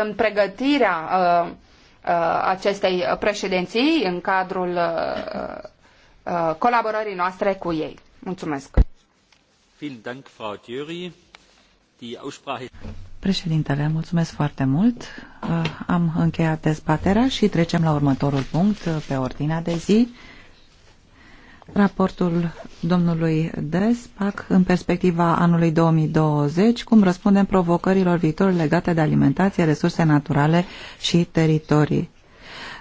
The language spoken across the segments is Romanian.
în pregătirea uh, uh, acestei președinții în cadrul uh, uh, colaborării noastre cu ei. Mulțumesc! Președintele, mulțumesc foarte mult. Uh, am încheiat dezbaterea și trecem la următorul punct uh, pe ordinea de zi. Raportul domnului Des, în perspectiva anului 2020, cum răspundem provocărilor viitor legate de alimentație, resurse naturale și teritorii.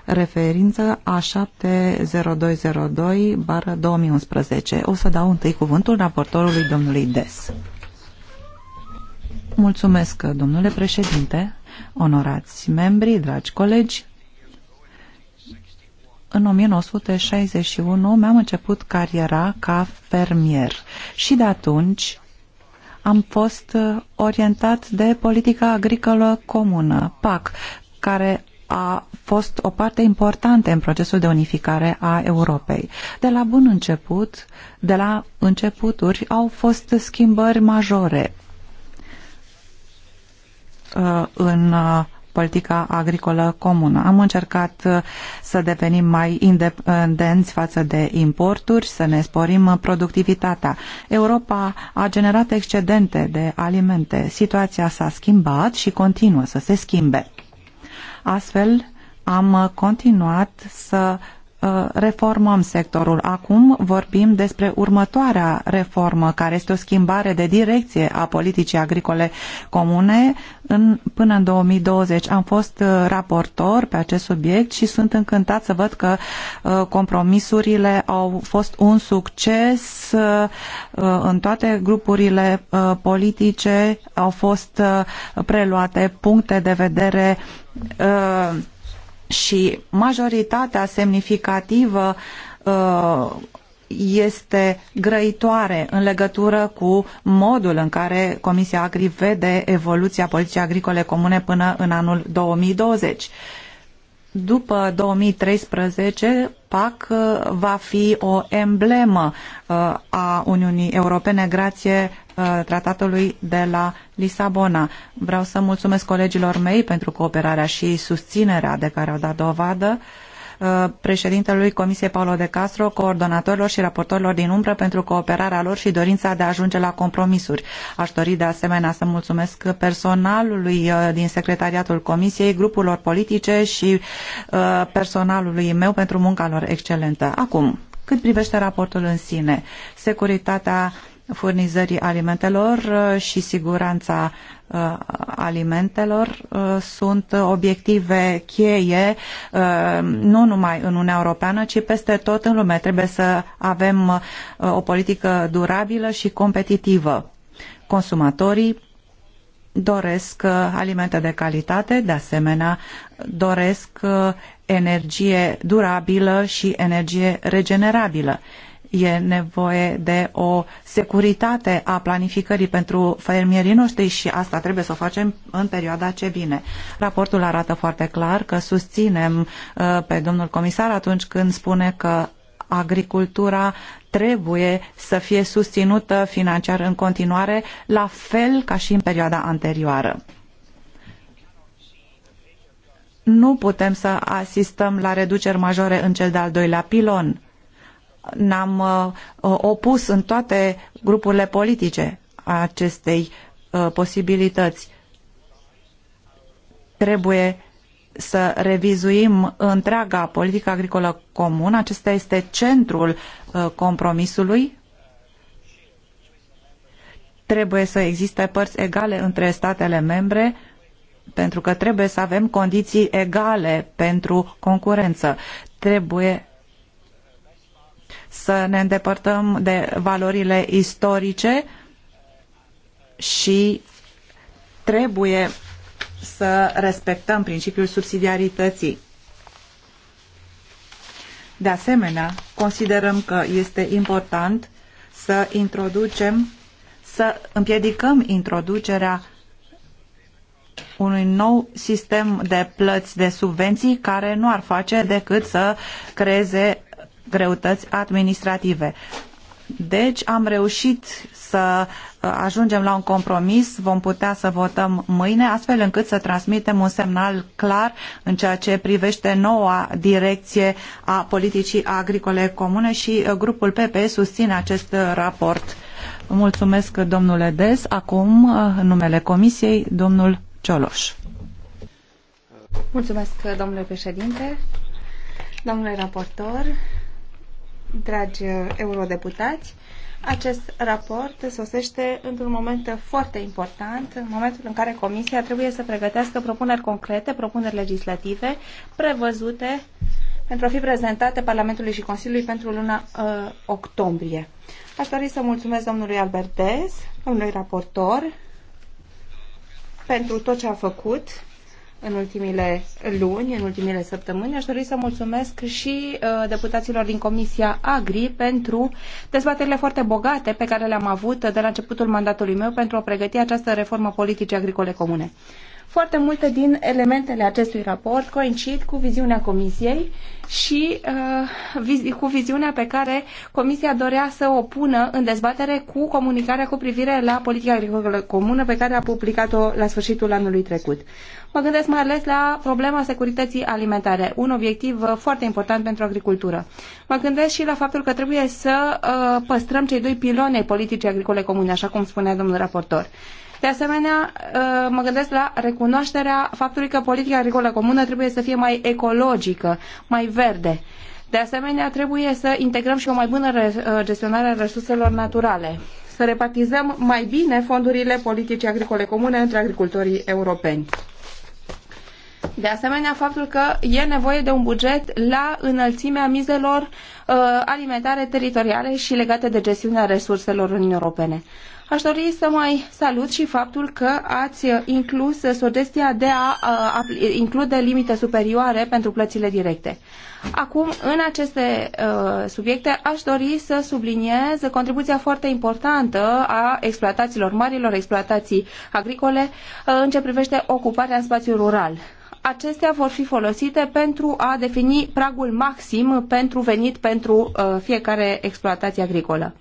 Referință a 70202 bară 2011. O să dau întâi cuvântul raportorului domnului Des. Mulțumesc, domnule președinte, onorați membri, dragi colegi, în 1961 mi-am început cariera ca fermier și de atunci am fost uh, orientat de politica agricolă comună, PAC, care a fost o parte importantă în procesul de unificare a Europei. De la bun început, de la începuturi, au fost schimbări majore uh, în uh, politica agricolă comună. Am încercat uh, să devenim mai independenți față de importuri, să ne sporim uh, productivitatea. Europa a generat excedente de alimente. Situația s-a schimbat și continuă să se schimbe. Astfel, am continuat să Uh, reformăm sectorul. Acum vorbim despre următoarea reformă, care este o schimbare de direcție a politicii agricole comune. În, până în 2020 am fost uh, raportor pe acest subiect și sunt încântat să văd că uh, compromisurile au fost un succes în toate grupurile politice, au fost preluate puncte de vedere și majoritatea semnificativă uh, este grăitoare în legătură cu modul în care Comisia Agri vede evoluția politicii agricole comune până în anul 2020. După 2013, PAC uh, va fi o emblemă uh, a Uniunii Europene grație uh, tratatului de la Lisabona. Vreau să mulțumesc colegilor mei pentru cooperarea și susținerea de care au dat dovadă Uh, președintelui Comisiei Paolo de Castro, coordonatorilor și raportorilor din umbră pentru cooperarea lor și dorința de a ajunge la compromisuri. Aș dori de asemenea să mulțumesc personalului uh, din secretariatul Comisiei, grupurilor politice și uh, personalului meu pentru munca lor excelentă. Acum, cât privește raportul în sine, securitatea furnizării alimentelor uh, și siguranța uh, alimentelor uh, sunt obiective cheie nu numai în Uniunea Europeană, ci peste tot în lume. Trebuie să avem o politică durabilă și competitivă. Consumatorii doresc alimente de calitate, de asemenea doresc energie durabilă și energie regenerabilă E nevoie de o securitate a planificării pentru fermierii noștri și asta trebuie să o facem în perioada ce vine. Raportul arată foarte clar că susținem uh, pe domnul comisar atunci când spune că agricultura trebuie să fie susținută financiar în continuare, la fel ca și în perioada anterioară nu putem să asistăm la reduceri majore în cel de-al doilea pilon ne-am uh, uh, opus în toate grupurile politice acestei uh, posibilități. Trebuie să revizuim întreaga politică agricolă comună. Acesta este centrul compromisului. Trebuie să existe părți egale între statele membre pentru că trebuie să avem condiții egale pentru concurență. Trebuie să ne îndepărtăm de valorile istorice și trebuie să respectăm principiul subsidiarității. De asemenea, considerăm că este important să introducem, să împiedicăm introducerea unui nou sistem de plăți de subvenții care nu ar face decât să creeze greutăți administrative. Deci am reușit să uh, ajungem la un compromis, vom putea să votăm mâine, astfel încât să transmitem un semnal clar în ceea ce privește noua direcție a politicii agricole comune și uh, grupul PPE susține acest uh, raport. Mulțumesc, domnule Des. Acum, în numele Comisiei, domnul Cioloș. Mulțumesc, domnule președinte, domnule raportor, dragi uh, eurodeputați, acest raport sosește într-un moment foarte important, în momentul în care Comisia trebuie să pregătească propuneri concrete, propuneri legislative prevăzute pentru a fi prezentate Parlamentului și Consiliului pentru luna uh, octombrie. Aș dori să mulțumesc domnului Albertez, domnului raportor, pentru tot ce a făcut în ultimile luni, în ultimile săptămâni. Aș dori să mulțumesc și uh, deputaților din Comisia Agri pentru dezbaterile foarte bogate pe care le-am avut de la începutul mandatului meu pentru a pregăti această reformă politice agricole comune. Foarte multe din elementele acestui raport coincid cu viziunea Comisiei și uh, vizi, cu viziunea pe care Comisia dorea să o pună în dezbatere cu comunicarea cu privire la politica agricolă comună pe care a publicat-o la sfârșitul anului trecut. Mă gândesc mai ales la problema securității alimentare, un obiectiv uh, foarte important pentru agricultură. Mă gândesc și la faptul că trebuie să uh, păstrăm cei doi piloni ai politicii agricole comune, așa cum spunea domnul raportor. De asemenea, ă, mă gândesc la recunoașterea faptului că politica agricolă comună trebuie să fie mai ecologică, mai verde. De asemenea, trebuie să integrăm și o mai bună ă, gestionare a resurselor naturale, să repartizăm mai bine fondurile politicii agricole comune între agricultorii europeni. De asemenea, faptul că e nevoie de un buget la înălțimea mizelor uh, alimentare teritoriale și legate de gestiunea resurselor în Europene. Aș dori să mai salut și faptul că ați inclus sugestia de a, a include limite superioare pentru plățile directe. Acum, în aceste subiecte, aș dori să subliniez contribuția foarte importantă a exploatațiilor, marilor exploatații agricole, uh, în ce privește ocuparea în spațiul rural acestea vor fi folosite pentru a defini pragul maxim pentru venit pentru fiecare exploatație agricolă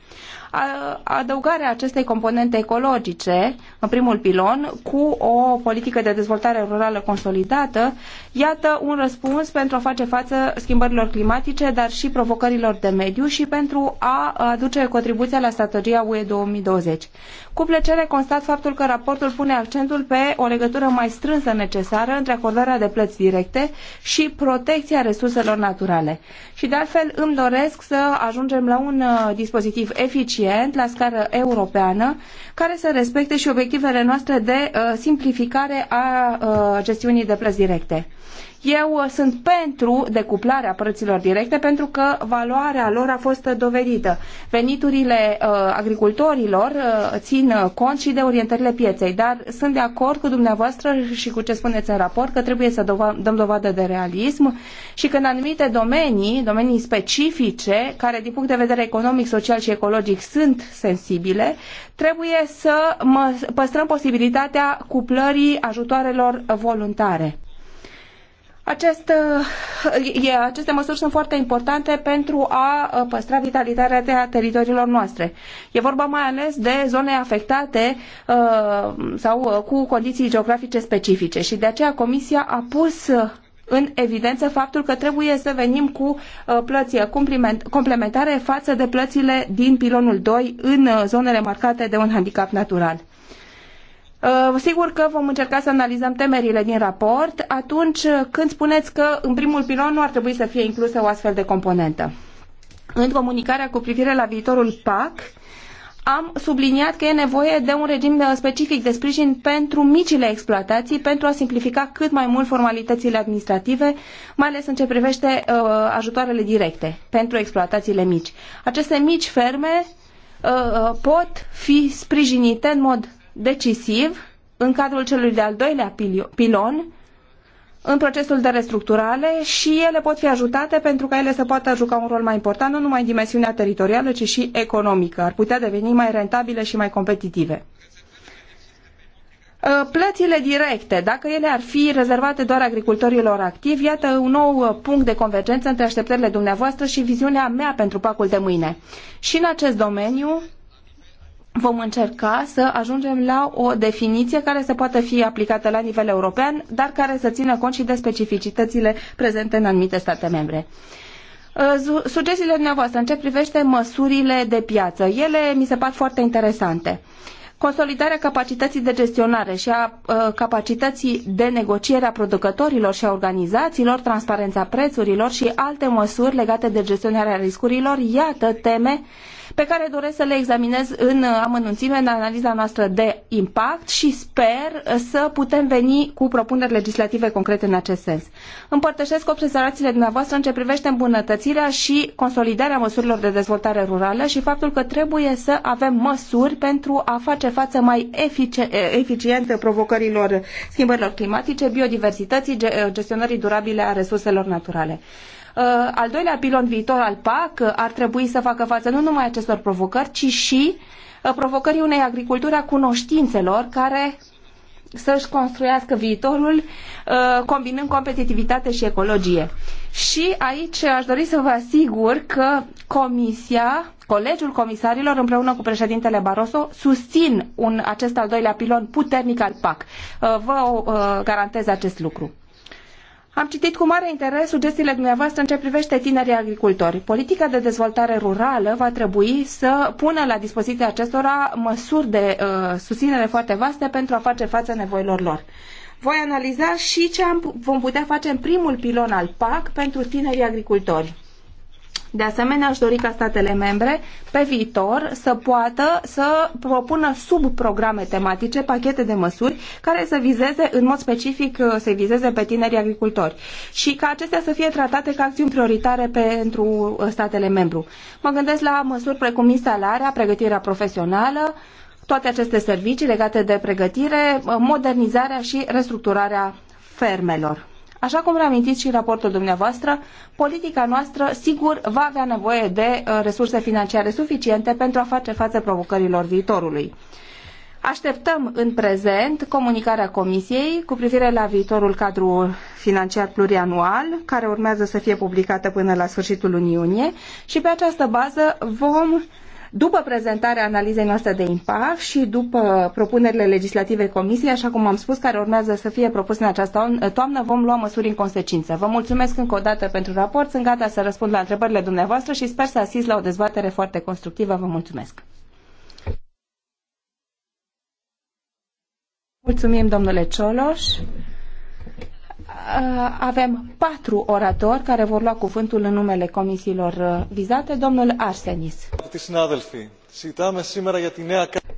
adăugarea acestei componente ecologice în primul pilon cu o politică de dezvoltare rurală consolidată Iată un răspuns pentru a face față schimbărilor climatice, dar și provocărilor de mediu și pentru a aduce contribuția la strategia UE 2020. Cu plăcere constat faptul că raportul pune accentul pe o legătură mai strânsă necesară între acordarea de plăți directe și protecția resurselor naturale. Și de altfel îmi doresc să ajungem la un uh, dispozitiv eficient la scară europeană care să respecte și obiectivele noastre de uh, simplificare a uh, gestiunii de plăți directe. Eu uh, sunt pentru decuplarea părților directe pentru că valoarea lor a fost dovedită. Veniturile uh, agricultorilor uh, țin uh, cont și de orientările pieței, dar sunt de acord cu dumneavoastră și cu ce spuneți în raport că trebuie să dova- dăm dovadă de realism și că în anumite domenii, domenii specifice, care din punct de vedere economic, social și ecologic sunt sensibile, trebuie să păstrăm posibilitatea cuplării ajutoarelor voluntare. Acest, uh, e, aceste măsuri sunt foarte importante pentru a uh, păstra vitalitatea teritoriilor noastre. E vorba mai ales de zone afectate uh, sau uh, cu condiții geografice specifice și de aceea Comisia a pus în evidență faptul că trebuie să venim cu plăți complementare față de plățile din pilonul 2 în zonele marcate de un handicap natural. Uh, sigur că vom încerca să analizăm temerile din raport atunci când spuneți că în primul pilon nu ar trebui să fie inclusă o astfel de componentă. În comunicarea cu privire la viitorul PAC, am subliniat că e nevoie de un regim specific de sprijin pentru micile exploatații, pentru a simplifica cât mai mult formalitățile administrative, mai ales în ce privește uh, ajutoarele directe pentru exploatațiile mici. Aceste mici ferme uh, uh pot fi sprijinite în mod decisiv în cadrul celui de-al doilea pilon în procesul de restructurare și ele pot fi ajutate pentru ca ele să poată juca un rol mai important, nu numai în dimensiunea teritorială, ci și economică. Ar putea deveni mai rentabile și mai competitive. Ă, plățile directe, dacă ele ar fi rezervate doar agricultorilor activi, iată un nou punct de convergență între așteptările dumneavoastră și viziunea mea pentru pacul de mâine. Și în acest domeniu vom încerca să ajungem la o definiție care să poată fi aplicată la nivel european, dar care să țină cont și de specificitățile prezente în anumite state membre. Uh, sugestiile dumneavoastră în ce privește măsurile de piață, ele mi se par foarte interesante. Consolidarea capacității de gestionare și a uh, capacității de negociere a producătorilor și a organizațiilor, transparența prețurilor și alte măsuri legate de gestionarea riscurilor, iată teme pe care doresc să le examinez în uh, amănunțime în analiza noastră de impact și sper uh, să putem veni cu propuneri legislative concrete în acest sens. Împărtășesc observațiile dumneavoastră în ce privește îmbunătățirea și consolidarea măsurilor de dezvoltare rurală și faptul că trebuie să avem măsuri pentru a face față mai eficient provocărilor schimbărilor climatice, biodiversității, uh, gestionării durabile a resurselor naturale. Uh, al doilea pilon viitor al PAC uh, ar trebui să facă față nu numai acestor provocări, ci și uh, provocării unei agriculturi a cunoștințelor care să-și construiască viitorul combinând competitivitate și ecologie. Și aici aș dori să vă asigur că Comisia, Colegiul Comisarilor împreună cu președintele Barroso susțin un, acest al doilea pilon puternic al PAC. Vă garantez acest lucru. Am citit cu mare interes sugestiile dumneavoastră în ce privește tinerii agricultori. Politica de dezvoltare rurală va trebui să pună la dispoziția acestora măsuri de uh, susținere foarte vaste pentru a face față nevoilor lor. Voi analiza și ce am, vom putea face în primul pilon al PAC pentru tinerii agricultori. De asemenea, aș dori ca statele membre pe viitor să poată să propună sub programe tematice pachete de măsuri care să vizeze în mod specific uh, să vizeze pe tinerii agricultori și ca acestea să fie tratate ca acțiuni prioritare pentru uh, statele membru. Mă gândesc la măsuri precum instalarea, pregătirea profesională, toate aceste servicii legate de pregătire, uh, modernizarea și restructurarea fermelor. Așa cum reamintiți și raportul dumneavoastră, politica noastră sigur va avea nevoie de uh, resurse financiare suficiente pentru a face față provocărilor viitorului. Așteptăm în prezent comunicarea Comisiei cu privire la viitorul cadru financiar plurianual, care urmează să fie publicată până la sfârșitul lunii iunie și pe această bază vom după prezentarea analizei noastre de impact și după propunerile legislative Comisiei, așa cum am spus, care urmează să fie propuse în această eh, toamnă, vom lua măsuri în consecință. Vă mulțumesc încă o dată pentru raport, sunt gata să răspund la întrebările dumneavoastră și sper să asist la o dezbatere foarte constructivă. Vă mulțumesc! Mulțumim, domnule Cioloș. Uh, avem patru oratori care vor lua cuvântul în numele comisiilor uh, vizate. Domnul Arsenis.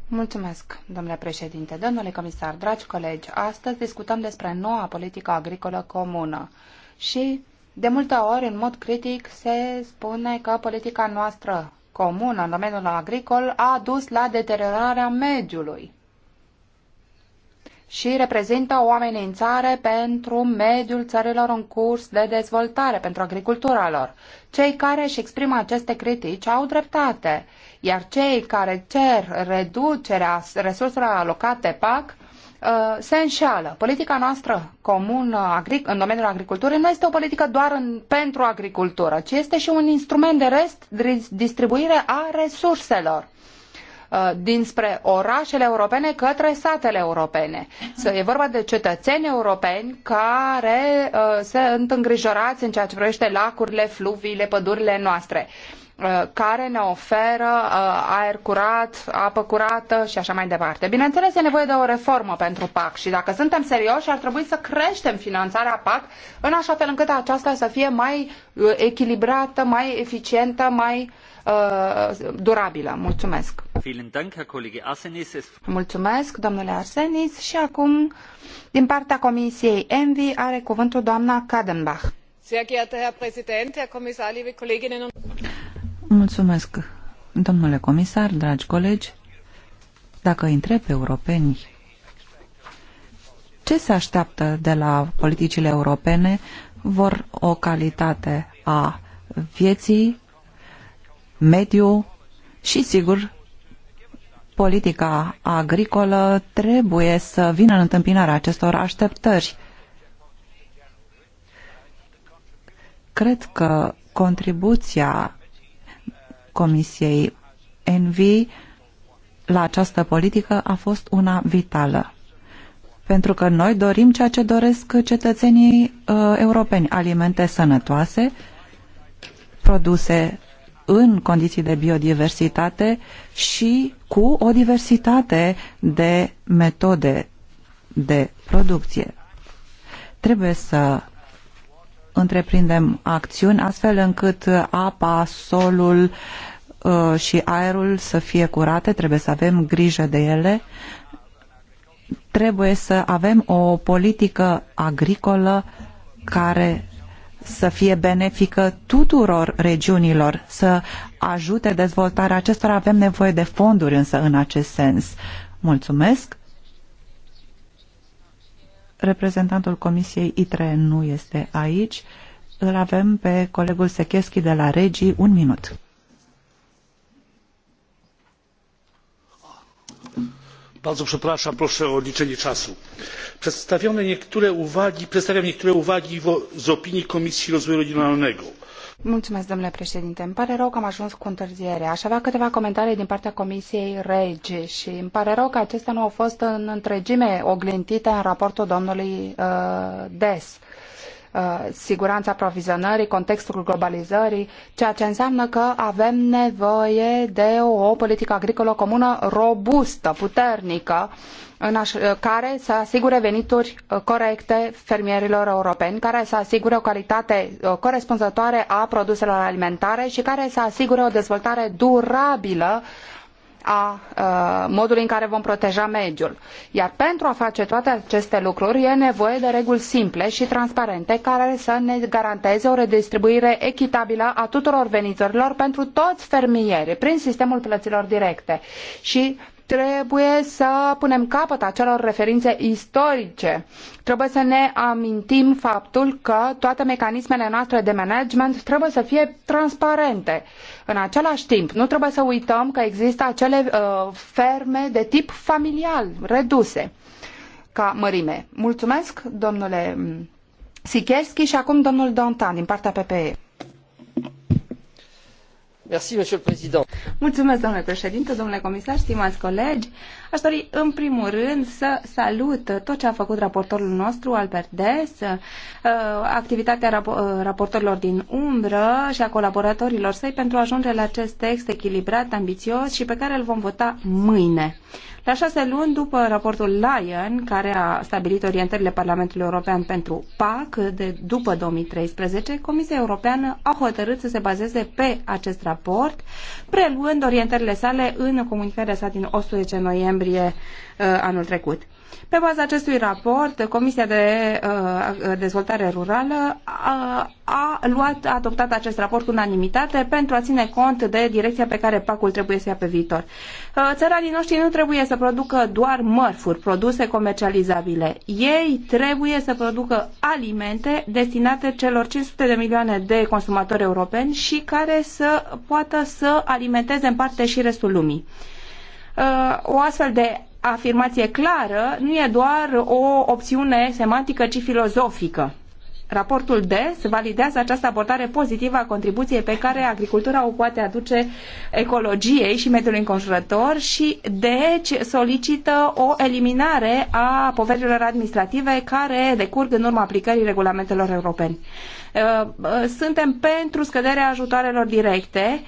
Mulțumesc, domnule președinte. Domnule comisar, dragi colegi, astăzi discutăm despre noua politică agricolă comună și de multe ori, în mod critic, se spune că politica noastră comună în domeniul agricol a dus la deteriorarea mediului și reprezintă o amenințare pentru mediul țărilor în curs de dezvoltare, pentru agricultura lor. Cei care își exprimă aceste critici au dreptate, iar cei care cer reducerea resurselor alocate PAC uh, se înșeală. Politica noastră comună în domeniul agriculturii nu este o politică doar în, pentru agricultură, ci este și un instrument de rest distribuire a resurselor. Uh, dinspre orașele europene către satele europene. E vorba de cetățeni europeni care uh, sunt îngrijorați în ceea ce privește lacurile, fluviile, pădurile noastre. Uh, Uh, care ne oferă uh, aer curat, apă curată și așa mai departe. Bineînțeles, e nevoie de o reformă pentru PAC și dacă suntem serioși, ar trebui să creștem finanțarea PAC în așa fel încât aceasta să fie mai uh, echilibrată, mai eficientă, mai durabilă. Mulțumesc! Mulțumesc, domnule Arsenis, și acum, din partea Comisiei ENVI, are cuvântul doamna Kadenbach. Sehr geehrter Herr Präsident, Herr Kommissar, liebe Kolleginnen und Mulțumesc, domnule comisar, dragi colegi. Dacă întreb europeni ce se așteaptă de la politicile europene, vor o calitate a vieții, mediu și, sigur, politica agricolă trebuie să vină în întâmpinarea acestor așteptări. Cred că contribuția Comisiei Envi la această politică a fost una vitală. Pentru că noi dorim ceea ce doresc cetățenii uh, europeni, alimente sănătoase, produse în condiții de biodiversitate și cu o diversitate de metode de producție. Trebuie să întreprindem acțiuni astfel încât apa, solul uh, și aerul să fie curate, trebuie să avem grijă de ele, trebuie să avem o politică agricolă care să fie benefică tuturor regiunilor, să ajute dezvoltarea acestora. Avem nevoie de fonduri însă în acest sens. Mulțumesc! Reprezentantul Comisiei ITRE nu este aici. Îl avem pe colegul Secheschi de la Regii. Un minut. bardzo przepraszam proszę o liczenie czasu. przedstawiam niektóre uwagi z opinii komisji rozwoju regionalnego. Mulțumesc, domnule președinte. Îmi pare rău că am ajuns cu întârziere. Aș avea câteva comentarii din partea Comisiei Regi și îmi pare rău că acestea nu au fost în întregime oglintite în raportul domnului uh, Des. Uh, siguranța aprovizionării, contextul globalizării, ceea ce înseamnă că avem nevoie de o politică agricolă comună robustă, puternică, în care să asigure venituri uh, corecte fermierilor europeni, care să asigure o calitate uh, corespunzătoare a produselor alimentare și care să asigure o dezvoltare durabilă a, uh, modului în care vom proteja mediul. Iar pentru a face toate aceste lucruri e nevoie de reguli simple și transparente care să ne garanteze o redistribuire echitabilă a tuturor veniturilor pentru toți fermierii prin sistemul plăților directe. Și Trebuie să punem capăt acelor referințe istorice. Trebuie să ne amintim faptul că toate mecanismele noastre de management trebuie să fie transparente. În același timp, nu trebuie să uităm că există acele uh, ferme de tip familial, reduse, ca mărime. Mulțumesc, domnule Sikeschi, și acum domnul Dontan, din partea PPE. Mulțumesc, domnule președinte, domnule comisar, stimați colegi. Aș dori, în primul rând, să salut tot ce a făcut raportorul nostru, Albert Des, uh, activitatea uh, raportorilor din umbră și a colaboratorilor săi pentru a ajunge la acest text echilibrat, ambițios și pe care îl vom vota mâine. La șase luni după raportul Lyon, care a stabilit orientările Parlamentului European pentru PAC de după 2013, Comisia Europeană a hotărât să se bazeze pe acest raport, preluând orientările sale în comunicarea sa din 18 noiembrie uh, anul trecut. Pe baza acestui raport, Comisia de uh, Dezvoltare Rurală a, a luat, a adoptat acest raport cu unanimitate pentru a ține cont de direcția pe care pacul trebuie să ia pe viitor. Uh, țăranii noștri nu trebuie să producă doar mărfuri, produse comercializabile. Ei trebuie să producă alimente destinate celor 500 de milioane de consumatori europeni și care să poată să alimenteze în parte și restul lumii. Uh, o astfel de afirmație clară nu e doar o opțiune semantică, ci filozofică. Raportul DES validează această abordare pozitivă a contribuției pe care agricultura o poate aduce ecologiei și mediului înconjurător și deci solicită o eliminare a poverilor administrative care decurg în urma aplicării regulamentelor europene. Uh, uh, suntem pentru scăderea ajutoarelor directe.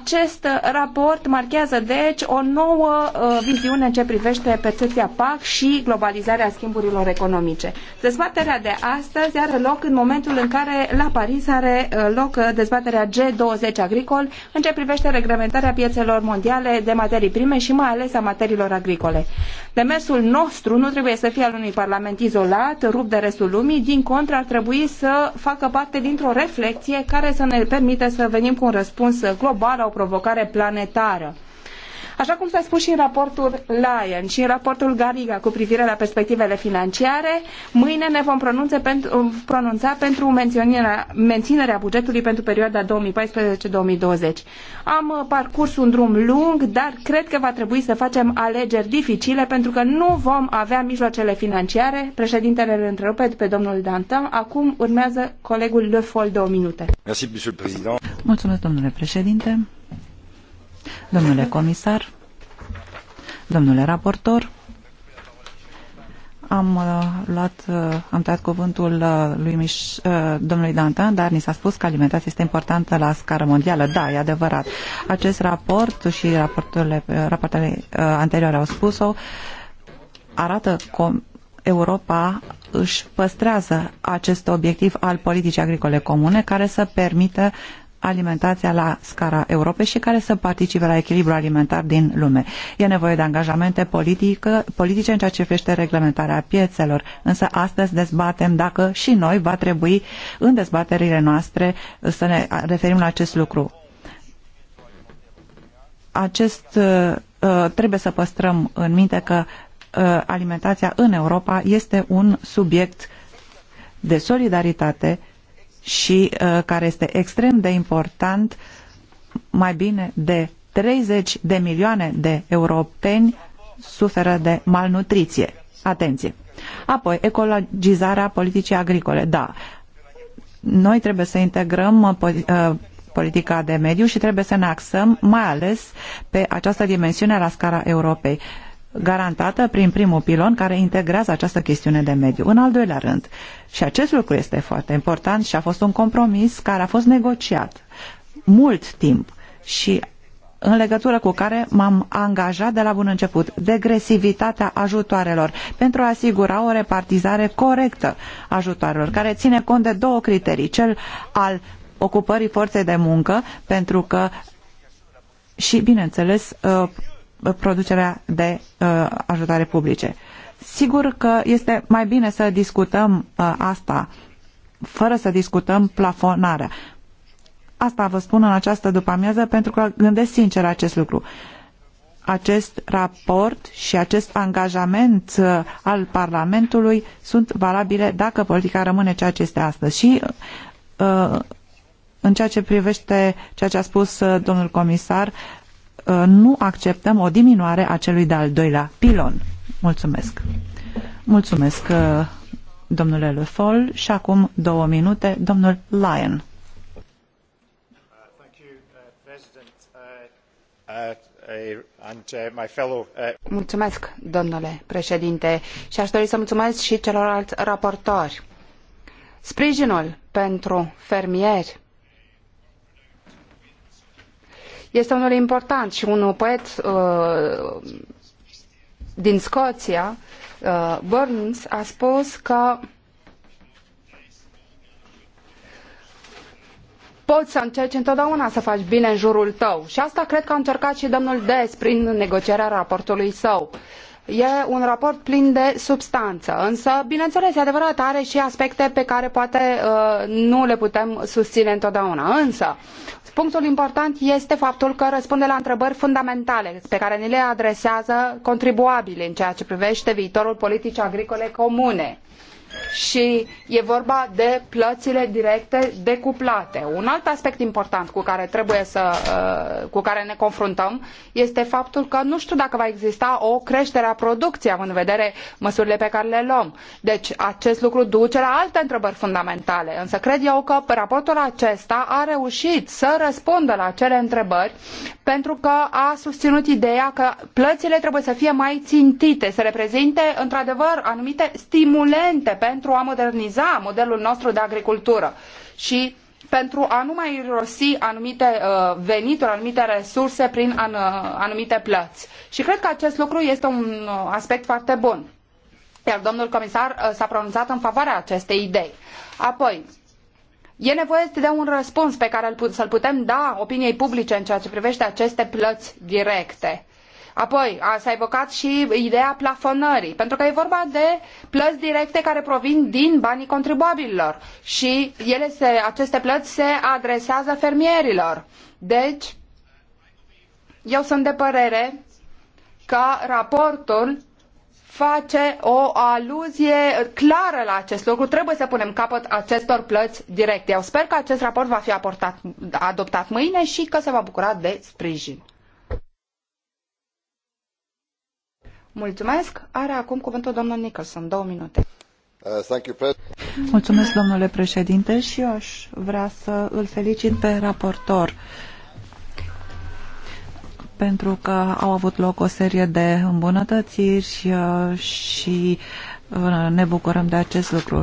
Acest raport marchează, deci, o nouă uh, viziune în ce privește percepția PAC și globalizarea schimburilor economice. Dezbaterea de astăzi are loc în momentul în care la Paris are loc dezbaterea G20 agricol în ce privește reglementarea piețelor mondiale de materii prime și mai ales a materiilor agricole. Demersul nostru nu trebuie să fie al unui parlament izolat, rupt de restul lumii, din contră ar trebui să facă parte parte dintr-o reflexie care să ne permită să venim cu un răspuns global la o provocare planetară. Așa cum s-a spus și în raportul Lyon și în raportul Gariga cu privire la perspectivele financiare, mâine ne vom pronunța pentru, pronunța pentru menținerea, menținerea bugetului pentru perioada 2014-2020. Am uh, parcurs un drum lung, dar cred că va trebui să facem alegeri dificile pentru că nu vom avea mijloacele financiare. Președintele îl întrerupe pe domnul Dantin. Acum urmează colegul Le Foll două minute. Mulțumesc, domnule președinte. Domnule comisar, domnule raportor, am uh, luat, uh, am tăiat cuvântul uh, lui Miș, domnului Dantan, dar ni s-a spus că alimentația este importantă la scară mondială. Da, e adevărat. Acest raport și raporturile, raportele anterioare au spus-o, arată cum Europa își păstrează acest obiectiv al politicii agricole comune care să permită alimentația la scara Europei și care să participe la echilibru alimentar din lume. E nevoie de angajamente politică, politice în ceea ce privește reglementarea piețelor, însă astăzi dezbatem dacă și noi va trebui în dezbaterile noastre să ne referim la acest lucru. Acest uh, uh, trebuie să păstrăm în minte că uh, alimentația în Europa este un subiect de solidaritate și uh, care este extrem de important, mai bine de 30 de milioane de europeni suferă de malnutriție. Atenție! Apoi, ecologizarea politicii agricole. Da, noi trebuie să integrăm uh, uh, politica de mediu și trebuie să ne axăm mai ales pe această dimensiune la scara Europei garantată prin primul pilon care integrează această chestiune de mediu. În al doilea rând, și acest lucru este foarte important și a fost un compromis care a fost negociat mult timp și în legătură cu care m-am angajat de la bun început, degresivitatea ajutoarelor pentru a asigura o repartizare corectă ajutoarelor, care ține cont de două criterii, cel al ocupării forței de muncă, pentru că și, bineînțeles, uh, producerea de uh, ajutare publice. Sigur că este mai bine să discutăm uh, asta fără să discutăm plafonarea. Asta vă spun în această după-amiază pentru că gândesc sincer acest lucru. Acest raport și acest angajament uh, al Parlamentului sunt valabile dacă politica rămâne ceea ce este astăzi. Și uh, în ceea ce privește ceea ce a spus uh, domnul comisar, Uh, nu acceptăm o diminuare a celui de-al doilea pilon. Mulțumesc. Mulțumesc, uh, domnule Le Foll. Și acum două minute, domnul Lyon. Mulțumesc, domnule președinte, și aș dori să mulțumesc și celorlalți raportori. Sprijinul pentru fermieri este unul important și un poet uh, din Scoția, uh, Burns, a spus că poți să încerci întotdeauna să faci bine în jurul tău. Și asta cred că a încercat și domnul Des prin negocierea raportului său. E un raport plin de substanță, însă, bineînțeles, e adevărat, are și aspecte pe care poate uh, nu le putem susține întotdeauna. Însă, Punctul important este faptul că răspunde la întrebări fundamentale pe care ni le adresează contribuabilii în ceea ce privește viitorul politicii agricole comune și e vorba de plățile directe decuplate. Un alt aspect important cu care trebuie să uh, cu care ne confruntăm este faptul că nu știu dacă va exista o creștere a producției având în vedere măsurile pe care le luăm. Deci acest lucru duce la alte întrebări fundamentale, însă cred eu că raportul acesta a reușit să răspundă la acele întrebări pentru că a susținut ideea că plățile trebuie să fie mai țintite, să reprezinte într-adevăr anumite stimulente pentru pentru a moderniza modelul nostru de agricultură și pentru a nu mai irosi anumite uh, venituri, anumite resurse prin uh, anumite plăți. Și cred că acest lucru este un uh, aspect foarte bun. Iar domnul comisar s-a pronunțat în favoarea acestei idei. Apoi, E nevoie de un răspuns pe care să-l putem da opiniei publice în ceea ce privește aceste plăți directe. Apoi, s-a evocat și ideea plafonării, pentru că e vorba de plăți directe care provin din banii contribuabililor și ele se, aceste plăți se adresează fermierilor. Deci, eu sunt de părere că raportul face o aluzie clară la acest lucru. Trebuie să punem capăt acestor plăți directe. Eu sper că acest raport va fi aportat, adoptat mâine și că se va bucura de sprijin. Mulțumesc. Are acum cuvântul domnul Nicholson. Două minute. Uh, Mulțumesc, domnule președinte, și eu aș vrea să îl felicit pe raportor pentru că au avut loc o serie de îmbunătățiri și, uh, și uh, ne bucurăm de acest lucru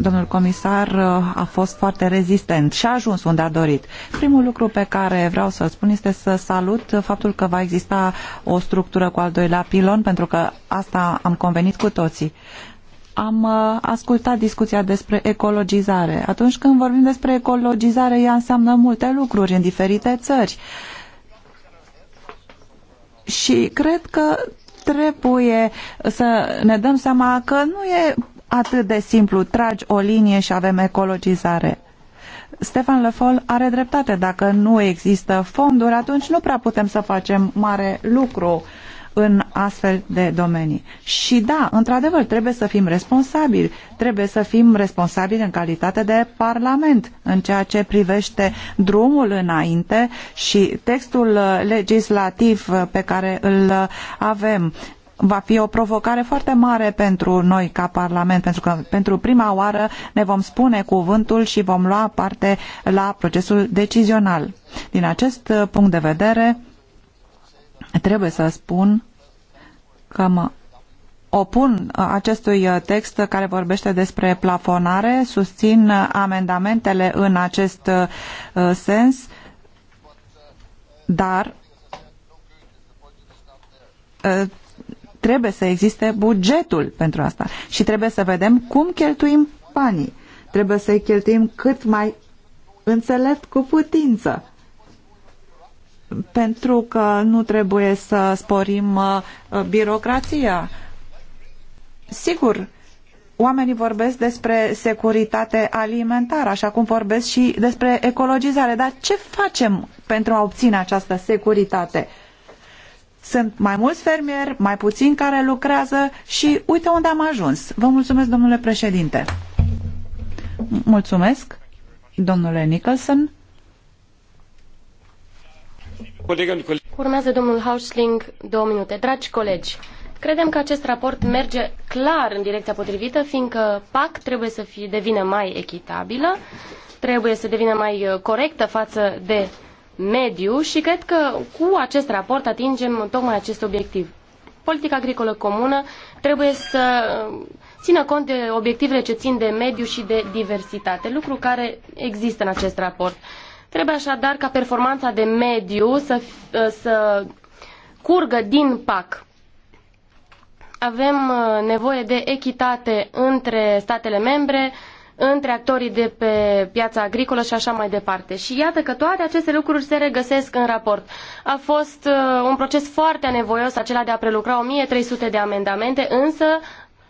domnul comisar uh, a fost foarte rezistent și a ajuns unde a dorit. Primul lucru pe care vreau să-l spun este să salut faptul că va exista o structură cu al doilea pilon, pentru că asta am convenit cu toții. Am uh, ascultat discuția despre ecologizare. Atunci când vorbim despre ecologizare, ea înseamnă multe lucruri în diferite țări. Și cred că trebuie să ne dăm seama că nu e atât de simplu, tragi o linie și avem ecologizare. Stefan Lefol are dreptate, dacă nu există fonduri, atunci nu prea putem să facem mare lucru în astfel de domenii. Și da, într-adevăr, trebuie să fim responsabili. Trebuie să fim responsabili în calitate de Parlament în ceea ce privește drumul înainte și textul legislativ pe care îl avem va fi o provocare foarte mare pentru noi ca Parlament, pentru că pentru prima oară ne vom spune cuvântul și vom lua parte la procesul decizional. Din acest punct de vedere, trebuie să spun că mă opun acestui text care vorbește despre plafonare, susțin amendamentele în acest uh, sens, dar uh, trebuie să existe bugetul pentru asta și trebuie să vedem cum cheltuim banii. Trebuie să-i cheltuim cât mai înțelept cu putință pentru că nu trebuie să sporim uh, uh birocrația. Sigur, oamenii vorbesc despre securitate alimentară, așa cum vorbesc și despre ecologizare, dar ce facem pentru a obține această securitate? Sunt mai mulți fermieri, mai puțini care lucrează și uite unde am ajuns. Vă mulțumesc, domnule președinte. Mulțumesc, domnule Nicholson. Urmează domnul Hausling două minute. Dragi colegi, credem că acest raport merge clar în direcția potrivită, fiindcă PAC trebuie să fie, devină mai echitabilă, trebuie să devină mai uh, corectă față de mediu și cred că cu acest raport atingem tocmai acest obiectiv. Politica agricolă comună trebuie să uh, țină cont de obiectivele ce țin de mediu și de diversitate, lucru care există în acest raport. Trebuie așadar ca performanța de mediu să, uh, să curgă din PAC. Avem uh, nevoie de echitate între statele membre, între actorii de pe piața agricolă și așa mai departe. Și iată că toate aceste lucruri se regăsesc în raport. A fost uh, un proces foarte anevoios acela de a prelucra 1300 de amendamente, însă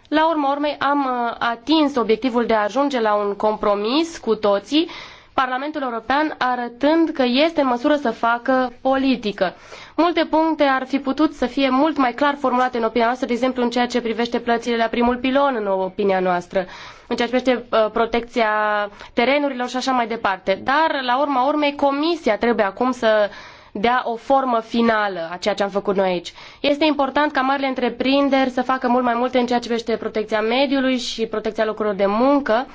la urma urmei am uh, atins obiectivul de a ajunge la un compromis cu toții uh, Parlamentul European arătând că este în măsură să facă politică. Multe puncte ar fi putut să fie mult mai clar formulate în opinia noastră, de exemplu în ceea ce privește plățile la primul pilon, în opinia noastră, în ceea ce privește uh, protecția terenurilor și așa mai departe. Dar, la urma urmei, Comisia trebuie acum să dea o formă finală a ceea ce am făcut noi aici. Este important ca marile întreprinderi să facă mult mai multe în ceea ce privește protecția mediului și protecția locurilor de muncă,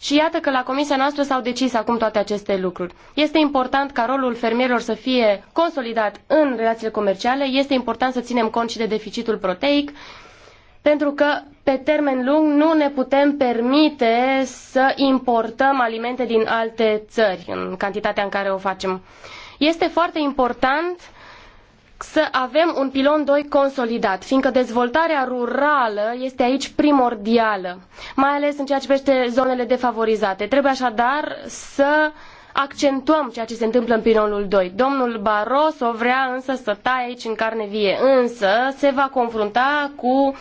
și iată că la comisia noastră s-au decis acum toate aceste lucruri. Este important ca rolul fermierilor să fie consolidat în relațiile comerciale, este important să ținem cont și de deficitul proteic, pentru că pe termen lung nu ne putem permite să importăm alimente din alte țări în cantitatea în care o facem. Este foarte important să avem un pilon 2 consolidat, fiindcă dezvoltarea rurală este aici primordială, mai ales în ceea ce privește zonele defavorizate. Trebuie așadar să accentuăm ceea ce se întâmplă în pilonul 2. Domnul Barroso vrea însă să taie aici în carne vie, însă se va confrunta cu uh,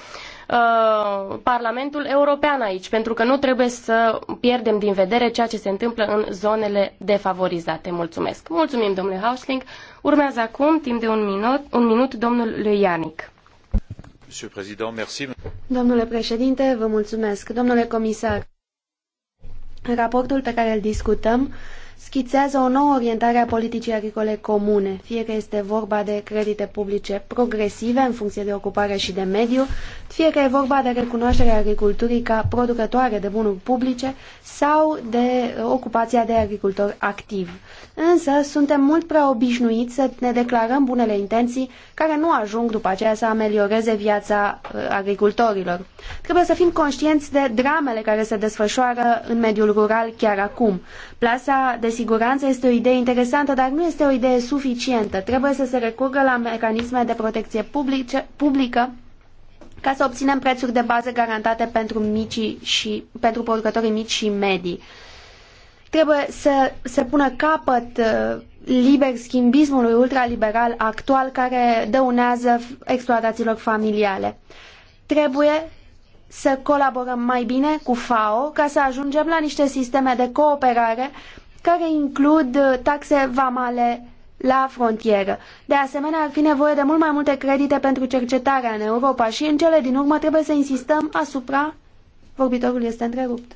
Uh, Parlamentul European aici, pentru că nu trebuie să pierdem din vedere ceea ce se întâmplă în zonele defavorizate. Mulțumesc. Mulțumim, domnule Hausling. Urmează acum, timp de un minut, un minut domnul Leianic. Domnule președinte, vă mulțumesc. Domnule comisar, raportul pe care îl discutăm schițează o nouă orientare a politicii agricole comune, fie că este vorba de credite publice progresive în funcție de ocupare și de mediu, fie că e vorba de recunoașterea agriculturii ca producătoare de bunuri publice sau de ocupația de agricultor activ însă suntem mult prea obișnuiți să ne declarăm bunele intenții care nu ajung după aceea să amelioreze viața uh, agricultorilor. Trebuie să fim conștienți de dramele care se desfășoară în mediul rural chiar acum. Plasa de siguranță este o idee interesantă, dar nu este o idee suficientă. Trebuie să se recurgă la mecanisme de protecție publice, publică ca să obținem prețuri de bază garantate pentru micii și pentru producătorii mici și medii. Trebuie să se pună capăt uh, liber schimbismului ultraliberal actual care dăunează exploatațiilor familiale. Trebuie să colaborăm mai bine cu FAO ca să ajungem la niște sisteme de cooperare care includ uh, taxe vamale la frontieră. De asemenea, ar fi nevoie de mult mai multe credite pentru cercetarea în Europa și în cele din urmă trebuie să insistăm asupra... Vorbitorul este întrerupt.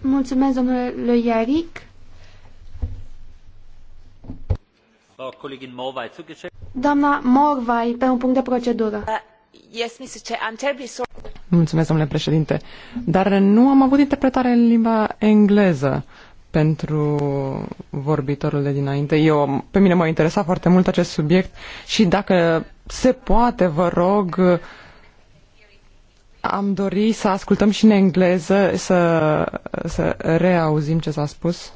Mulțumesc, domnule Le Iaric. Doamna Morvai, pe un punct de procedură. Uh, Mulțumesc, domnule președinte. Dar nu am avut interpretare în limba engleză pentru vorbitorul de dinainte. Eu, pe mine m-a interesat foarte mult acest subiect și dacă se poate, vă rog, am dori să ascultăm și în engleză, să, să reauzim ce s-a spus.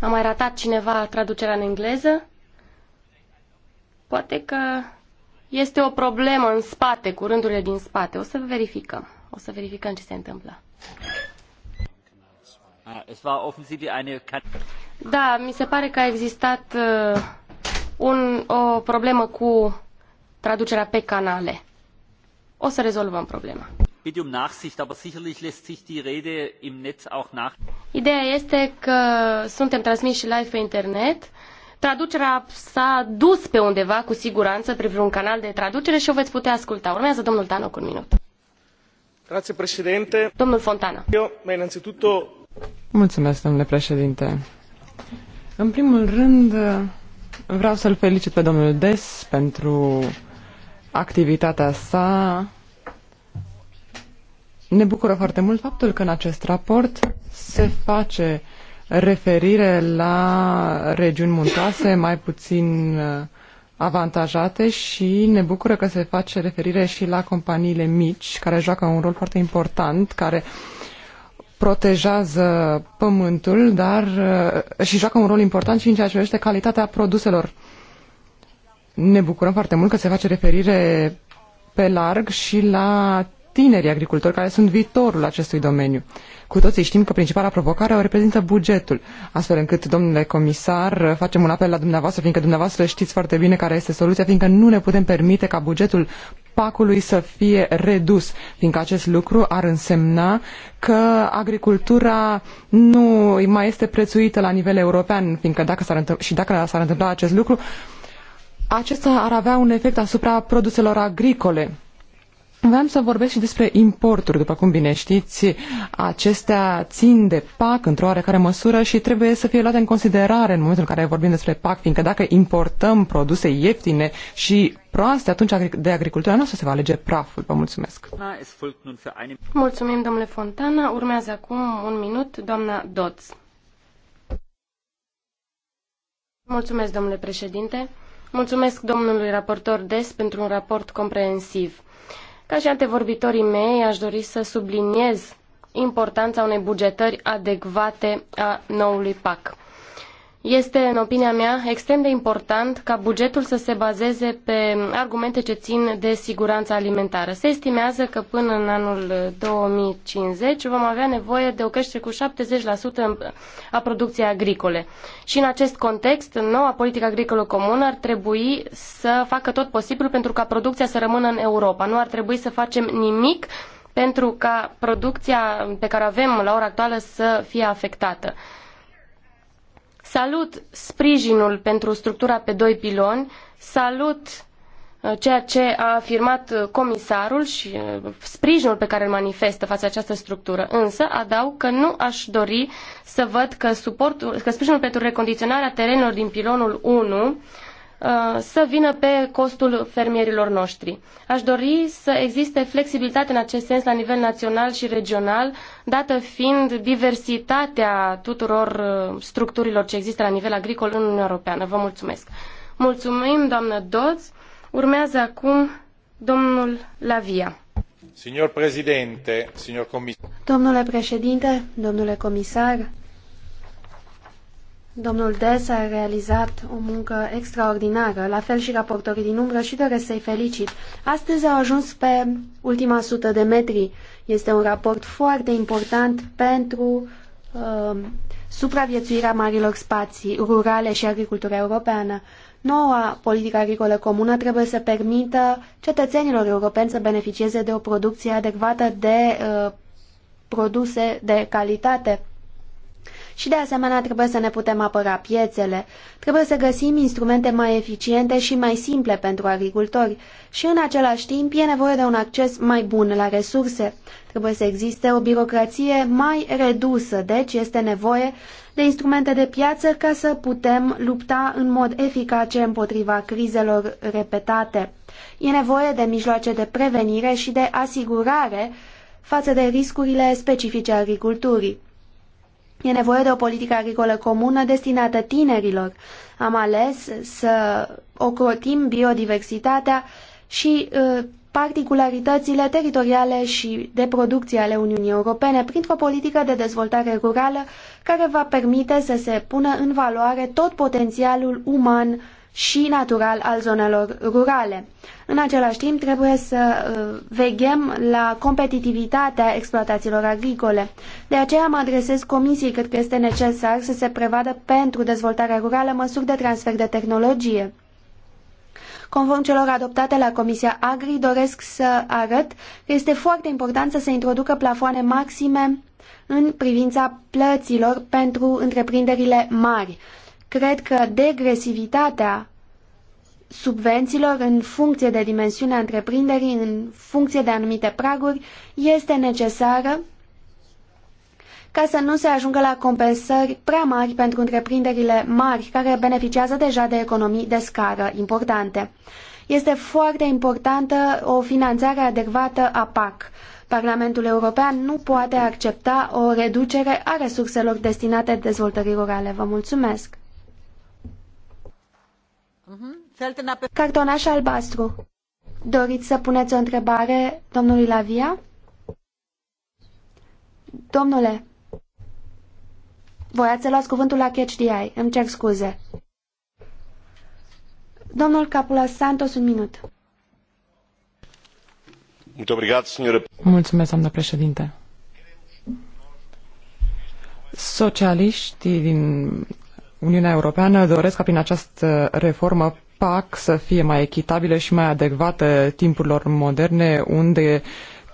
A mai ratat cineva traducerea în engleză? Poate că este o problemă în spate, cu rândurile din spate. O să verificăm. O să verificăm ce se întâmplă. Ah, da, mi se pare că a existat uh, un, o problemă cu traducerea pe canale o să rezolvăm problema. Um Ideea este că suntem transmiși și live pe internet. Traducerea s-a dus pe undeva cu siguranță pe vreun canal de traducere și o veți putea asculta. Urmează domnul cu un minut. Grazie, președinte. Domnul Fontana. Eu, mai înțetut-o... Mulțumesc, domnule președinte. În primul rând, vreau să-l felicit pe domnul Des pentru activitatea sa ne bucură foarte mult faptul că în acest raport se face referire la regiuni muntoase mai puțin uh, avantajate și ne bucură că se face referire și la companiile mici, care joacă un rol foarte important, care protejează pământul, dar uh, și joacă un rol important și în ceea ce privește calitatea produselor. Ne bucurăm foarte mult că se face referire pe larg și la tinerii agricultori care sunt viitorul acestui domeniu. Cu toții știm că principala provocare o reprezintă bugetul, astfel încât, domnule comisar, facem un apel la dumneavoastră, fiindcă dumneavoastră știți foarte bine care este soluția, fiindcă nu ne putem permite ca bugetul pacului să fie redus, fiindcă acest lucru ar însemna că agricultura nu mai este prețuită la nivel european, fiindcă dacă s-ar întâmpla, și dacă s-ar întâmpla acest lucru, acesta ar avea un efect asupra produselor agricole Vreau să vorbesc și despre importuri. După cum bine știți, acestea țin de PAC într-o oarecare măsură și trebuie să fie luate în considerare în momentul în care vorbim despre PAC, fiindcă dacă importăm produse ieftine și proaste, atunci de agricultura noastră se va alege praful. Vă mulțumesc. Mulțumim, domnule Fontana. Urmează acum un minut doamna Dodds. Mulțumesc, domnule președinte. Mulțumesc domnului raportor Des pentru un raport comprehensiv. Ca și antevorbitorii mei, aș dori să subliniez importanța unei bugetări adecvate a noului PAC. Este, în opinia mea, extrem de important ca bugetul să se bazeze pe argumente ce țin de siguranța alimentară. Se estimează că până în anul 2050 vom avea nevoie de o creștere cu 70% a producției agricole. Și în acest context, noua politică agricolă comună ar trebui să facă tot posibilul pentru ca producția să rămână în Europa. Nu ar trebui să facem nimic pentru ca producția pe care o avem la ora actuală să fie afectată. Salut sprijinul pentru structura pe doi piloni, salut uh, ceea ce a afirmat uh, comisarul și uh, sprijinul pe care îl manifestă față de această structură. Însă adaug că nu aș dori să văd că, suportul, că sprijinul pentru recondiționarea terenurilor din pilonul 1 Uh, să vină pe costul fermierilor noștri. Aș dori să existe flexibilitate în acest sens la nivel național și regional, dată fiind diversitatea tuturor uh, structurilor ce există la nivel agricol în Uniunea Europeană. Vă mulțumesc. Mulțumim, doamnă Doz. Urmează acum domnul Lavia. Signor președinte, signor comisar. Domnule președinte, domnule comisar, Domnul Des a realizat o muncă extraordinară, la fel și raportorii din umbră și doresc să-i felicit. Astăzi au ajuns pe ultima sută de metri. Este un raport foarte important pentru uh, supraviețuirea marilor spații rurale și agricultura europeană. Noua politică agricolă comună trebuie să permită cetățenilor europeni să beneficieze de o producție adecvată de uh, produse de calitate și de asemenea trebuie să ne putem apăra piețele. Trebuie să găsim instrumente mai eficiente și mai simple pentru agricultori și în același timp e nevoie de un acces mai bun la resurse. Trebuie să existe o birocrație mai redusă, deci este nevoie de instrumente de piață ca să putem lupta în mod eficace împotriva crizelor repetate. E nevoie de mijloace de prevenire și de asigurare față de riscurile specifice agriculturii. E nevoie de o politică agricolă comună destinată tinerilor. Am ales să ocrotim biodiversitatea și uh, particularitățile teritoriale și de producție ale Uniunii Europene printr-o politică de dezvoltare rurală care va permite să se pună în valoare tot potențialul uman și natural al zonelor rurale. În același timp, trebuie să uh, veghem la competitivitatea exploatațiilor agricole. De aceea mă adresez Comisiei, cred că este necesar să se prevadă pentru dezvoltarea rurală măsuri de transfer de tehnologie. Conform celor adoptate la Comisia Agri, doresc să arăt că este foarte important să se introducă plafoane maxime în privința plăților pentru întreprinderile mari Cred că degresivitatea subvențiilor în funcție de dimensiunea întreprinderii, în funcție de anumite praguri, este necesară ca să nu se ajungă la compensări prea mari pentru întreprinderile mari care beneficiază deja de economii de scară importante. Este foarte importantă o finanțare adecvată a PAC. Parlamentul European nu poate accepta o reducere a resurselor destinate dezvoltării rurale. Vă mulțumesc! Mhm. Cartonaș albastru. Doriți să puneți o întrebare domnului Lavia? Domnule, voiați să luați cuvântul la Catch DI. Îmi cer scuze. Domnul Capula Santos, un minut. Mulțumesc, doamnă președinte. Socialiștii din Uniunea Europeană doresc ca prin această reformă PAC să fie mai echitabilă și mai adecvată timpurilor moderne, unde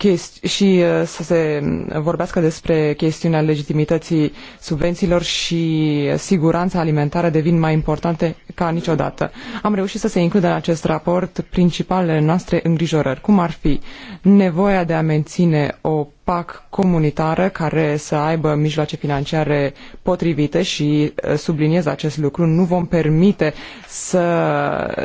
chesti- și uh, să se vorbească despre chestiunea legitimității subvențiilor și siguranța alimentară devin mai importante ca niciodată. Am reușit să se includă în acest raport principalele noastre îngrijorări, cum ar fi nevoia de a menține o PAC comunitară care să aibă mijloace financiare potrivite și uh, subliniez acest lucru, nu vom permite să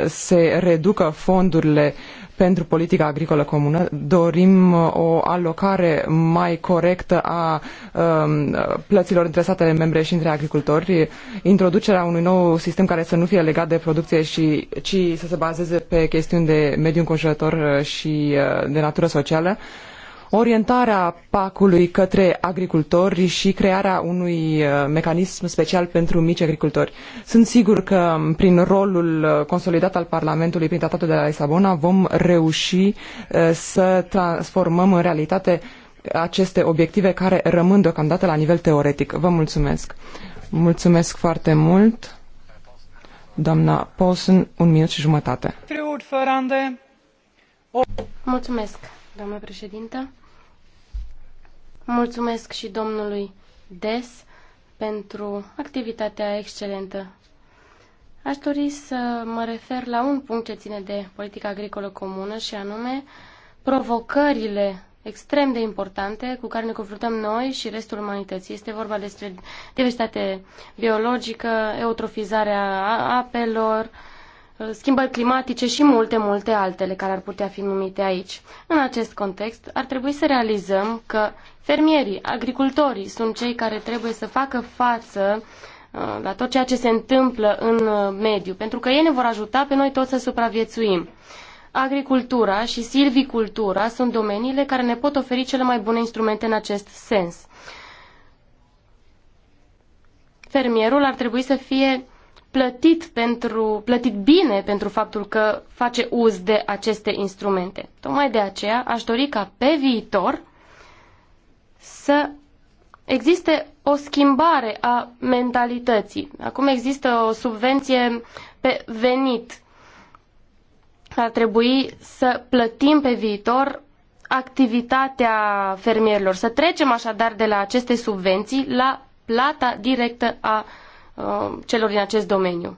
se reducă fondurile pentru politica agricolă comună, dorim uh, o alocare mai corectă a um, plăților între statele membre și între agricultori, introducerea unui nou sistem care să nu fie legat de producție, și, ci să se bazeze pe chestiuni de mediu înconjurător uh, și uh, de natură socială, orientarea PAC-ului către agricultori și crearea unui uh, mecanism special pentru mici agricultori. Sunt sigur că prin rolul uh, consolidat al Parlamentului, prin tratatul de la Lisabona, vom reuși uh, să transformăm în realitate aceste obiective care rămân deocamdată la nivel teoretic. Vă mulțumesc! Mulțumesc foarte mult! Doamna Paulsen, un minut și jumătate. Mulțumesc! doamnă președintă. Mulțumesc și domnului Des pentru activitatea excelentă. Aș dori să mă refer la un punct ce ține de politica agricolă comună și anume provocările extrem de importante cu care ne confruntăm noi și restul umanității. Este vorba despre diversitate biologică, eutrofizarea apelor, Uh, schimbări climatice și multe, multe altele care ar putea fi numite aici. În acest context, ar trebui să realizăm că fermierii, agricultorii sunt cei care trebuie să facă față uh, la tot ceea ce se întâmplă în uh, mediu, pentru că ei ne vor ajuta pe noi toți să supraviețuim. Agricultura și silvicultura sunt domeniile care ne pot oferi cele mai bune instrumente în acest sens. Fermierul ar trebui să fie plătit, pentru, plătit bine pentru faptul că face uz de aceste instrumente. Tocmai de aceea aș dori ca pe viitor să existe o schimbare a mentalității. Acum există o subvenție pe venit. Ar trebui să plătim pe viitor activitatea fermierilor. Să trecem așadar de la aceste subvenții la plata directă a Uh, celor din acest domeniu.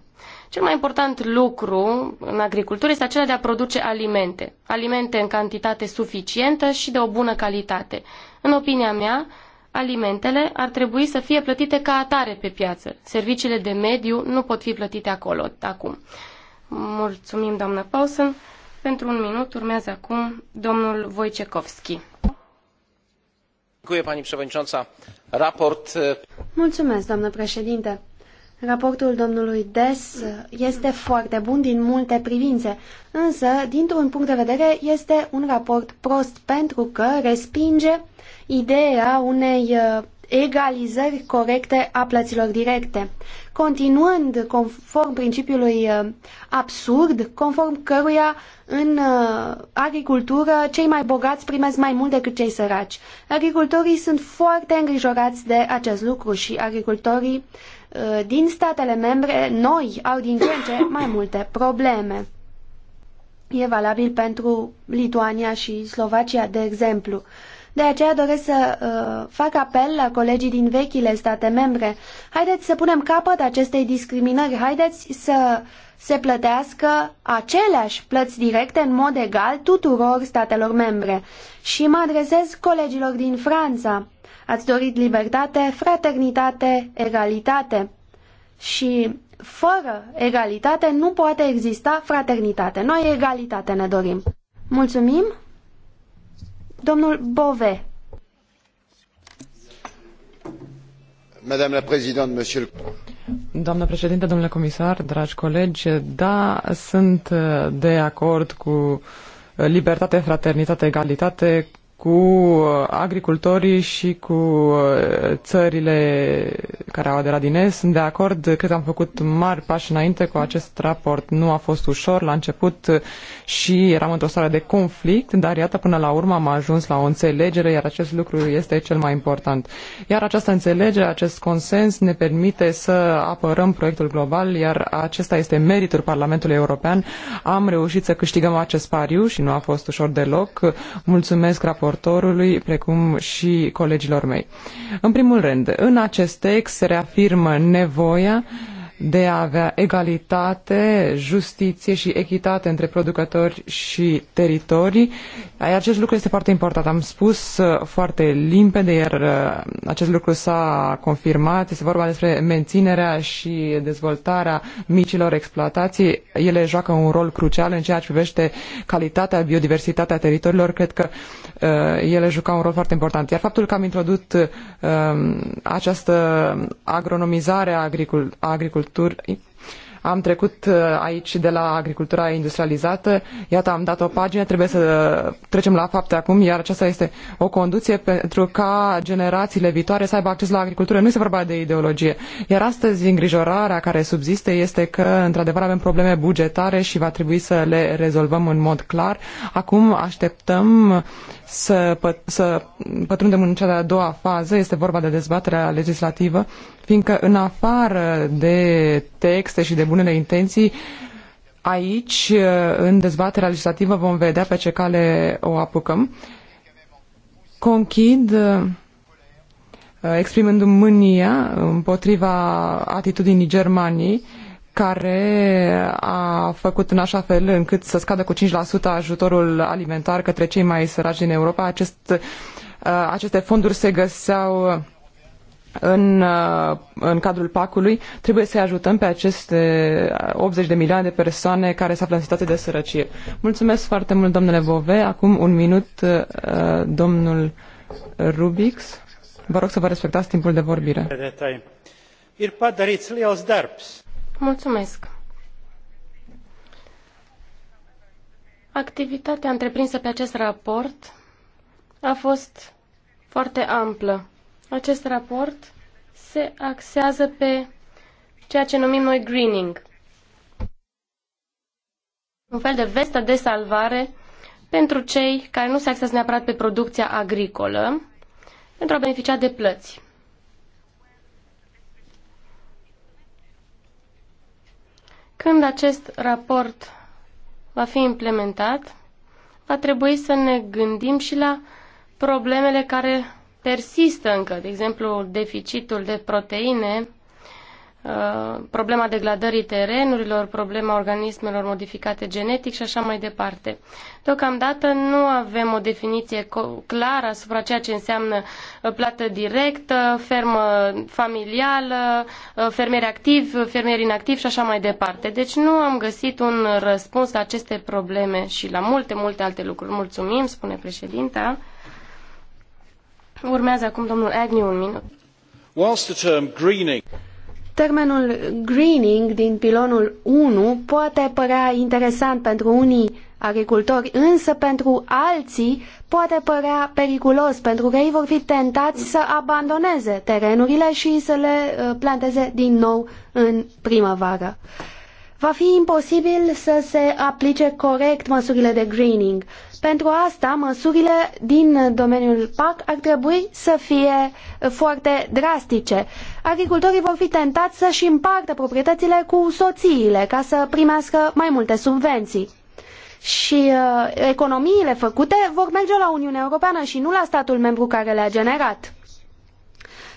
Cel mai important lucru în agricultură este acela de a produce alimente. Alimente în cantitate suficientă și de o bună calitate. În opinia mea, alimentele ar trebui să fie plătite ca atare pe piață. Serviciile de mediu nu pot fi plătite acolo acum. Mulțumim, doamnă Paulsen. Pentru un minut urmează acum domnul Wojciechowski. Mulțumesc, doamnă președinte. Raportul domnului Des este foarte bun din multe privințe, însă, dintr-un punct de vedere, este un raport prost pentru că respinge ideea unei uh, egalizări corecte a plăților directe, continuând conform principiului uh, absurd, conform căruia în uh, agricultură cei mai bogați primesc mai mult decât cei săraci. Agricultorii sunt foarte îngrijorați de acest lucru și agricultorii Eh, din statele membre noi au din ce în ce mai multe probleme. E valabil pentru Lituania și Slovacia, de exemplu. De aceea doresc să uh, fac apel la colegii din vechile state membre. Haideți să punem capăt acestei discriminări. Haideți să se plătească aceleași plăți directe în mod egal tuturor statelor membre. Și mă adresez colegilor din Franța. Ați dorit libertate, fraternitate, egalitate. Și fără egalitate nu poate exista fraternitate. Noi egalitate ne dorim. Mulțumim. Domnul Bove. Madame la Monsieur Doamnă președinte, domnule comisar, dragi colegi, da, sunt de acord cu libertate, fraternitate, egalitate cu uh, agricultorii și cu uh, țările care au aderat din est. Sunt de acord, că am făcut mari pași înainte cu acest raport. Nu a fost ușor la început și eram într-o stare de conflict, dar iată până la urmă am ajuns la o înțelegere, iar acest lucru este cel mai important. Iar această înțelegere, acest consens ne permite să apărăm proiectul global, iar acesta este meritul Parlamentului European. Am reușit să câștigăm acest pariu și nu a fost ușor deloc. Mulțumesc raportului raportorului, precum și colegilor mei. În primul rând, în acest text se reafirmă nevoia de a avea egalitate, justiție și echitate între producători și teritorii. Acest lucru este foarte important. Am spus uh, foarte limpede, iar uh, acest lucru s-a confirmat. Este vorba despre menținerea și dezvoltarea micilor exploatații. Ele joacă un rol crucial în ceea ce privește calitatea, biodiversitatea teritoriilor. Cred că uh, ele jucau un rol foarte important. Iar faptul că am introdus um, această agronomizare a agricultorilor, agriculturii. Am trecut uh, aici de la agricultura industrializată, iată, am dat o pagină, trebuie să uh, trecem la fapte acum, iar aceasta este o conduție pentru ca generațiile viitoare să aibă acces la agricultură. Nu este vorba de ideologie. Iar astăzi îngrijorarea care subziste este că, într-adevăr, avem probleme bugetare și va trebui să le rezolvăm în mod clar. Acum așteptăm să, pă, să pătrundem în cea de-a doua fază, este vorba de dezbaterea legislativă, fiindcă în afară de texte și de bunele intenții, aici, în dezbaterea legislativă, vom vedea pe ce cale o apucăm. Conchid exprimându mi mânia împotriva atitudinii Germaniei care a făcut în așa fel încât să scadă cu 5% ajutorul alimentar către cei mai săraci din Europa. Acest, uh, aceste fonduri se găseau în, uh, în cadrul pacului, trebuie să ajutăm pe aceste 80 de milioane de persoane care se află în situație de sărăcie. Mulțumesc foarte mult, domnule Bove. Acum un minut, uh, domnul Rubix. Vă rog să vă respectați timpul de vorbire. Ir padarīts liels darbs. Mulțumesc. Activitatea întreprinsă pe acest raport a fost foarte amplă. Acest raport se axează pe ceea ce numim noi greening. Un fel de vestă de salvare pentru cei care nu se axează neapărat pe producția agricolă, pentru a beneficia de plăți. Când acest raport va fi implementat, va trebui să ne gândim și la problemele care persistă încă, de exemplu, deficitul de proteine Uh, problema degradării terenurilor, problema organismelor modificate genetic și așa mai departe. Deocamdată nu avem o definiție clară asupra ceea ce înseamnă uh, plată directă, fermă familială, uh, fermieri activ, fermieri inactiv și așa mai departe. Deci nu am găsit un răspuns la aceste probleme și la multe, multe alte lucruri. Mulțumim, spune președinta. Urmează acum domnul Agnew un minut. Whilst the term greening Termenul greening din pilonul 1 poate părea interesant pentru unii agricultori, însă pentru alții poate părea periculos, pentru că ei vor fi tentați să abandoneze terenurile și să le uh, planteze din nou în primăvară va fi imposibil să se aplice corect măsurile de greening. Pentru asta, măsurile din domeniul PAC ar trebui să fie foarte drastice. Agricultorii vor fi tentați să-și împartă proprietățile cu soțiile ca să primească mai multe subvenții. Și uh, economiile făcute vor merge la Uniunea Europeană și nu la statul membru care le-a generat.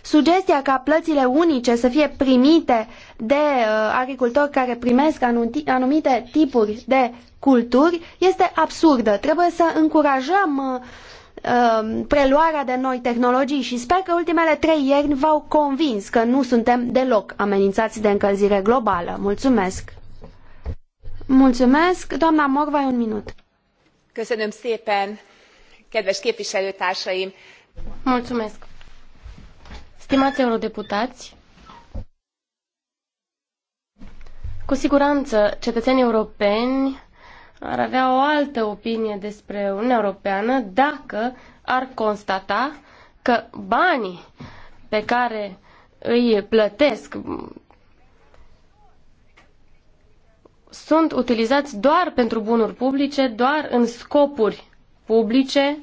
Sugestia ca plățile unice să fie primite de uh, agricultori care primesc anumite tipuri de culturi este absurdă. Trebuie să încurajăm uh, uh, preluarea de noi tehnologii și sper că ultimele trei ierni v-au convins că nu suntem deloc amenințați de încălzire globală. Mulțumesc! Mulțumesc! Doamna Morvai, un minut. Köszönöm szépen, kedves képviselőtársaim! Mulțumesc! Stimați eurodeputați, Cu siguranță, cetățenii europeni ar avea o altă opinie despre Uniunea Europeană dacă ar constata că banii pe care îi plătesc sunt utilizați doar pentru bunuri publice, doar în scopuri publice.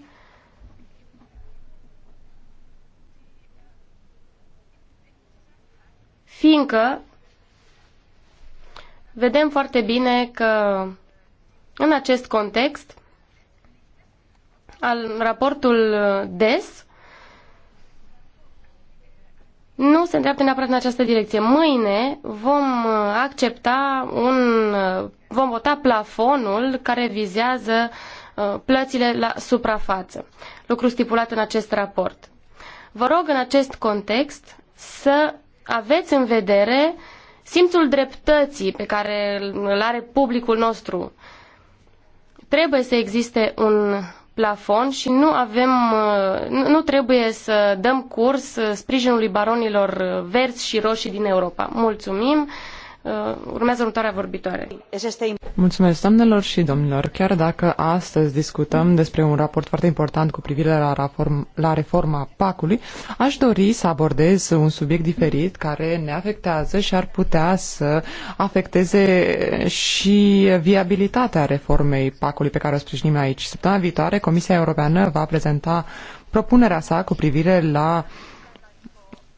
Fiindcă vedem foarte bine că în acest context al raportul DES nu se îndreaptă neapărat în această direcție. Mâine vom accepta un, vom vota plafonul care vizează uh, plățile la suprafață, lucru stipulat în acest raport. Vă rog în acest context să aveți în vedere uh, simțul dreptății pe care îl are publicul nostru. Trebuie să existe un plafon și nu avem, nu trebuie să dăm curs sprijinului baronilor verzi și roșii din Europa. Mulțumim! Uh, urmează următoarea vorbitoare. Mulțumesc, doamnelor și domnilor. Chiar dacă astăzi discutăm despre un raport foarte important cu privire la, reform, la reforma PAC-ului, aș dori să abordez un subiect diferit care ne afectează și ar putea să afecteze și viabilitatea reformei PAC-ului pe care o sprijinim aici. Săptămâna viitoare, Comisia Europeană va prezenta propunerea sa cu privire la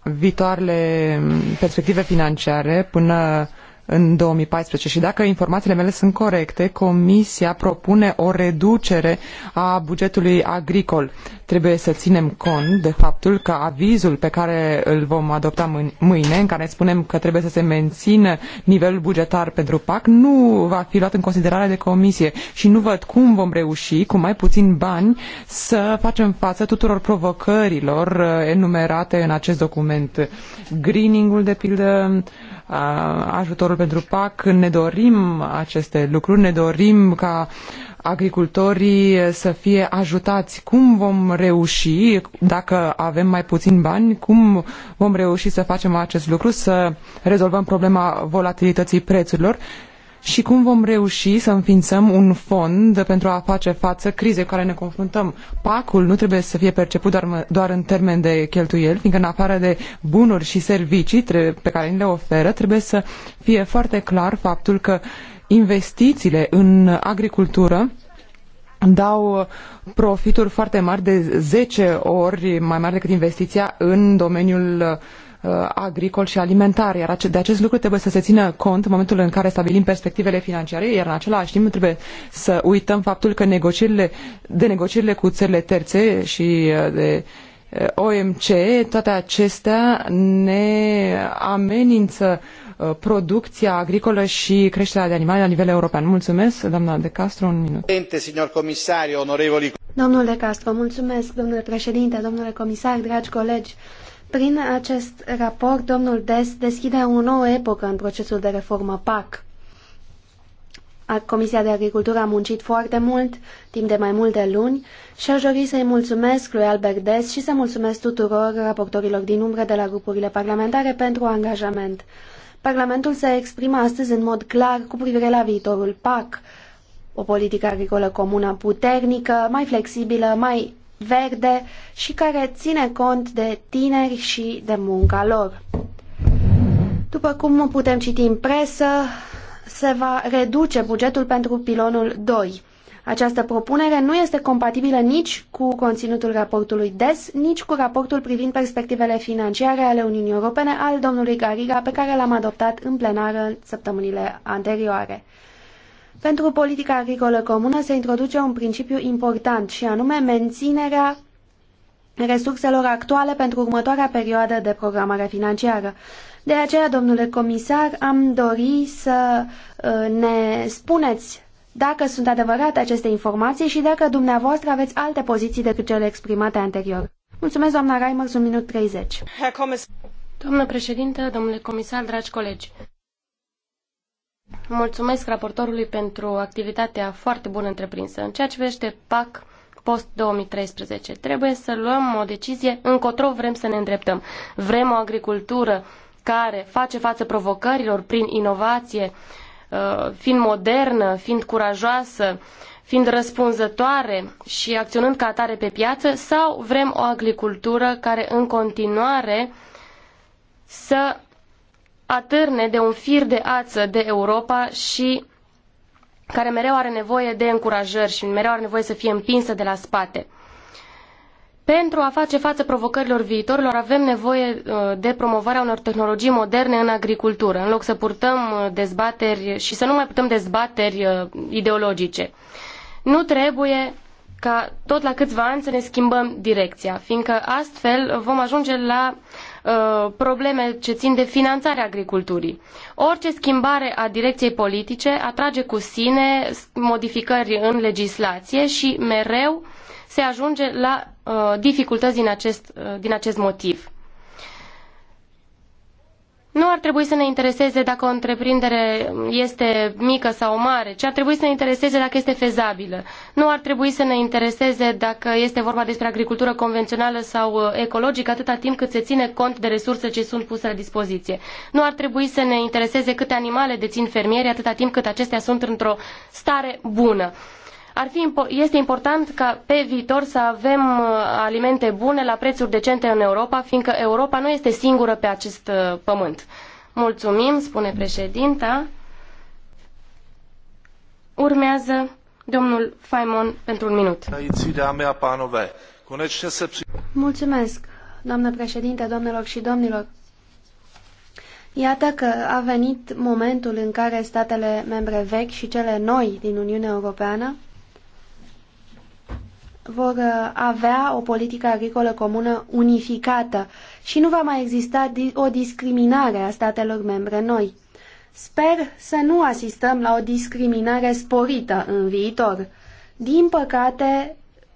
viitoarele perspective financiare până în 2014 și dacă informațiile mele sunt corecte, Comisia propune o reducere a bugetului agricol. Trebuie să ținem cont de faptul că avizul pe care îl vom adopta mâine, în care spunem că trebuie să se mențină nivelul bugetar pentru PAC, nu va fi luat în considerare de Comisie și nu văd cum vom reuși, cu mai puțin bani, să facem față tuturor provocărilor uh, enumerate în acest document. Greening-ul, de pildă, ajutorul pentru PAC. Ne dorim aceste lucruri, ne dorim ca agricultorii să fie ajutați. Cum vom reuși, dacă avem mai puțin bani, cum vom reuși să facem acest lucru, să rezolvăm problema volatilității prețurilor și cum vom reuși să înființăm un fond pentru a face față crizei cu care ne confruntăm. Pacul nu trebuie să fie perceput doar, doar în termen de cheltuieli, fiindcă în afară de bunuri și servicii pe care ni le oferă, trebuie să fie foarte clar faptul că investițiile în agricultură dau profituri foarte mari de zece ori mai mari decât investiția în domeniul uh, Uh, agricol și alimentar, iar de acest lucru trebuie să se țină cont în momentul în care stabilim perspectivele financiare, iar în același timp trebuie să uităm faptul că negocierile, de negocierile cu țările terțe și uh, de uh, OMC, toate acestea ne amenință producția agricolă și creșterea de animale la nivel european. Mulțumesc, doamna De Castro, un minut. Domnule De Castro, mulțumesc, domnule președinte, domnule comisar, dragi colegi. Prin acest raport, domnul Des deschide o nouă epocă în procesul de reformă PAC. Comisia de Agricultură a muncit foarte mult, timp de mai multe luni, și aș dori să-i mulțumesc lui Albert Des și să mulțumesc tuturor raportorilor din umbră de la grupurile parlamentare pentru angajament. Parlamentul se exprimă astăzi în mod clar cu privire la viitorul PAC, o politică agricolă comună puternică, mai flexibilă, mai verde și care ține cont de tineri și de munca lor. După cum putem citi în presă, se va reduce bugetul pentru pilonul 2. Această propunere nu este compatibilă nici cu conținutul raportului DES, nici cu raportul privind perspectivele financiare ale Uniunii Europene al domnului Gariga, pe care l-am adoptat în plenară săptămânile anterioare. Pentru politica agricolă comună se introduce un principiu important și anume menținerea resurselor actuale pentru următoarea perioadă de programare financiară. De aceea, domnule comisar, am dori să uh, ne spuneți dacă sunt adevărate aceste informații și dacă dumneavoastră aveți alte poziții decât cele exprimate anterior. Mulțumesc, doamna Reimers, un minut 30. Domnule președinte, domnule comisar, dragi colegi, Mulțumesc raportorului pentru activitatea foarte bună întreprinsă. În ceea ce privește PAC post-2013, trebuie să luăm o decizie încotro vrem să ne îndreptăm. Vrem o agricultură care face față provocărilor prin inovație, uh, fiind modernă, fiind curajoasă, fiind răspunzătoare și acționând ca atare pe piață, sau vrem o agricultură care în continuare să atârne de un fir de ață de Europa și care mereu are nevoie de încurajări și mereu are nevoie să fie împinsă de la spate. Pentru a face față provocărilor viitorilor avem nevoie uh, de promovarea unor tehnologii moderne în agricultură, în loc să purtăm uh, dezbateri și să nu mai purtăm dezbateri uh, ideologice. Nu trebuie ca tot la câțiva ani să ne schimbăm direcția, fiindcă astfel vom ajunge la Uh, probleme ce țin de finanțarea agriculturii. Orice schimbare a direcției politice atrage cu sine modificări în legislație și mereu se ajunge la uh, dificultăți din acest, uh, din acest motiv. Nu ar trebui să ne intereseze dacă o întreprindere este mică sau mare, ci ar trebui să ne intereseze dacă este fezabilă. Nu ar trebui să ne intereseze dacă este vorba despre agricultură convențională sau uh, ecologică, atâta timp cât se ține cont de resurse ce sunt puse la dispoziție. Nu ar trebui să ne intereseze câte animale dețin fermierii, atâta timp cât acestea sunt într-o stare bună. Ar fi, este important ca pe viitor să avem uh, alimente bune la prețuri decente în Europa, fiindcă Europa nu este singură pe acest uh, pământ. Mulțumim, spune președinta. Urmează domnul Faimon pentru un minut. Panove, Mulțumesc, doamnă președinte, doamnelor și domnilor. Iată că a venit momentul în care statele membre vechi și cele noi din Uniunea Europeană vor uh, avea o politică agricolă comună unificată și nu va mai exista o discriminare a statelor membre noi. Sper să nu asistăm la o discriminare sporită în viitor. Din păcate,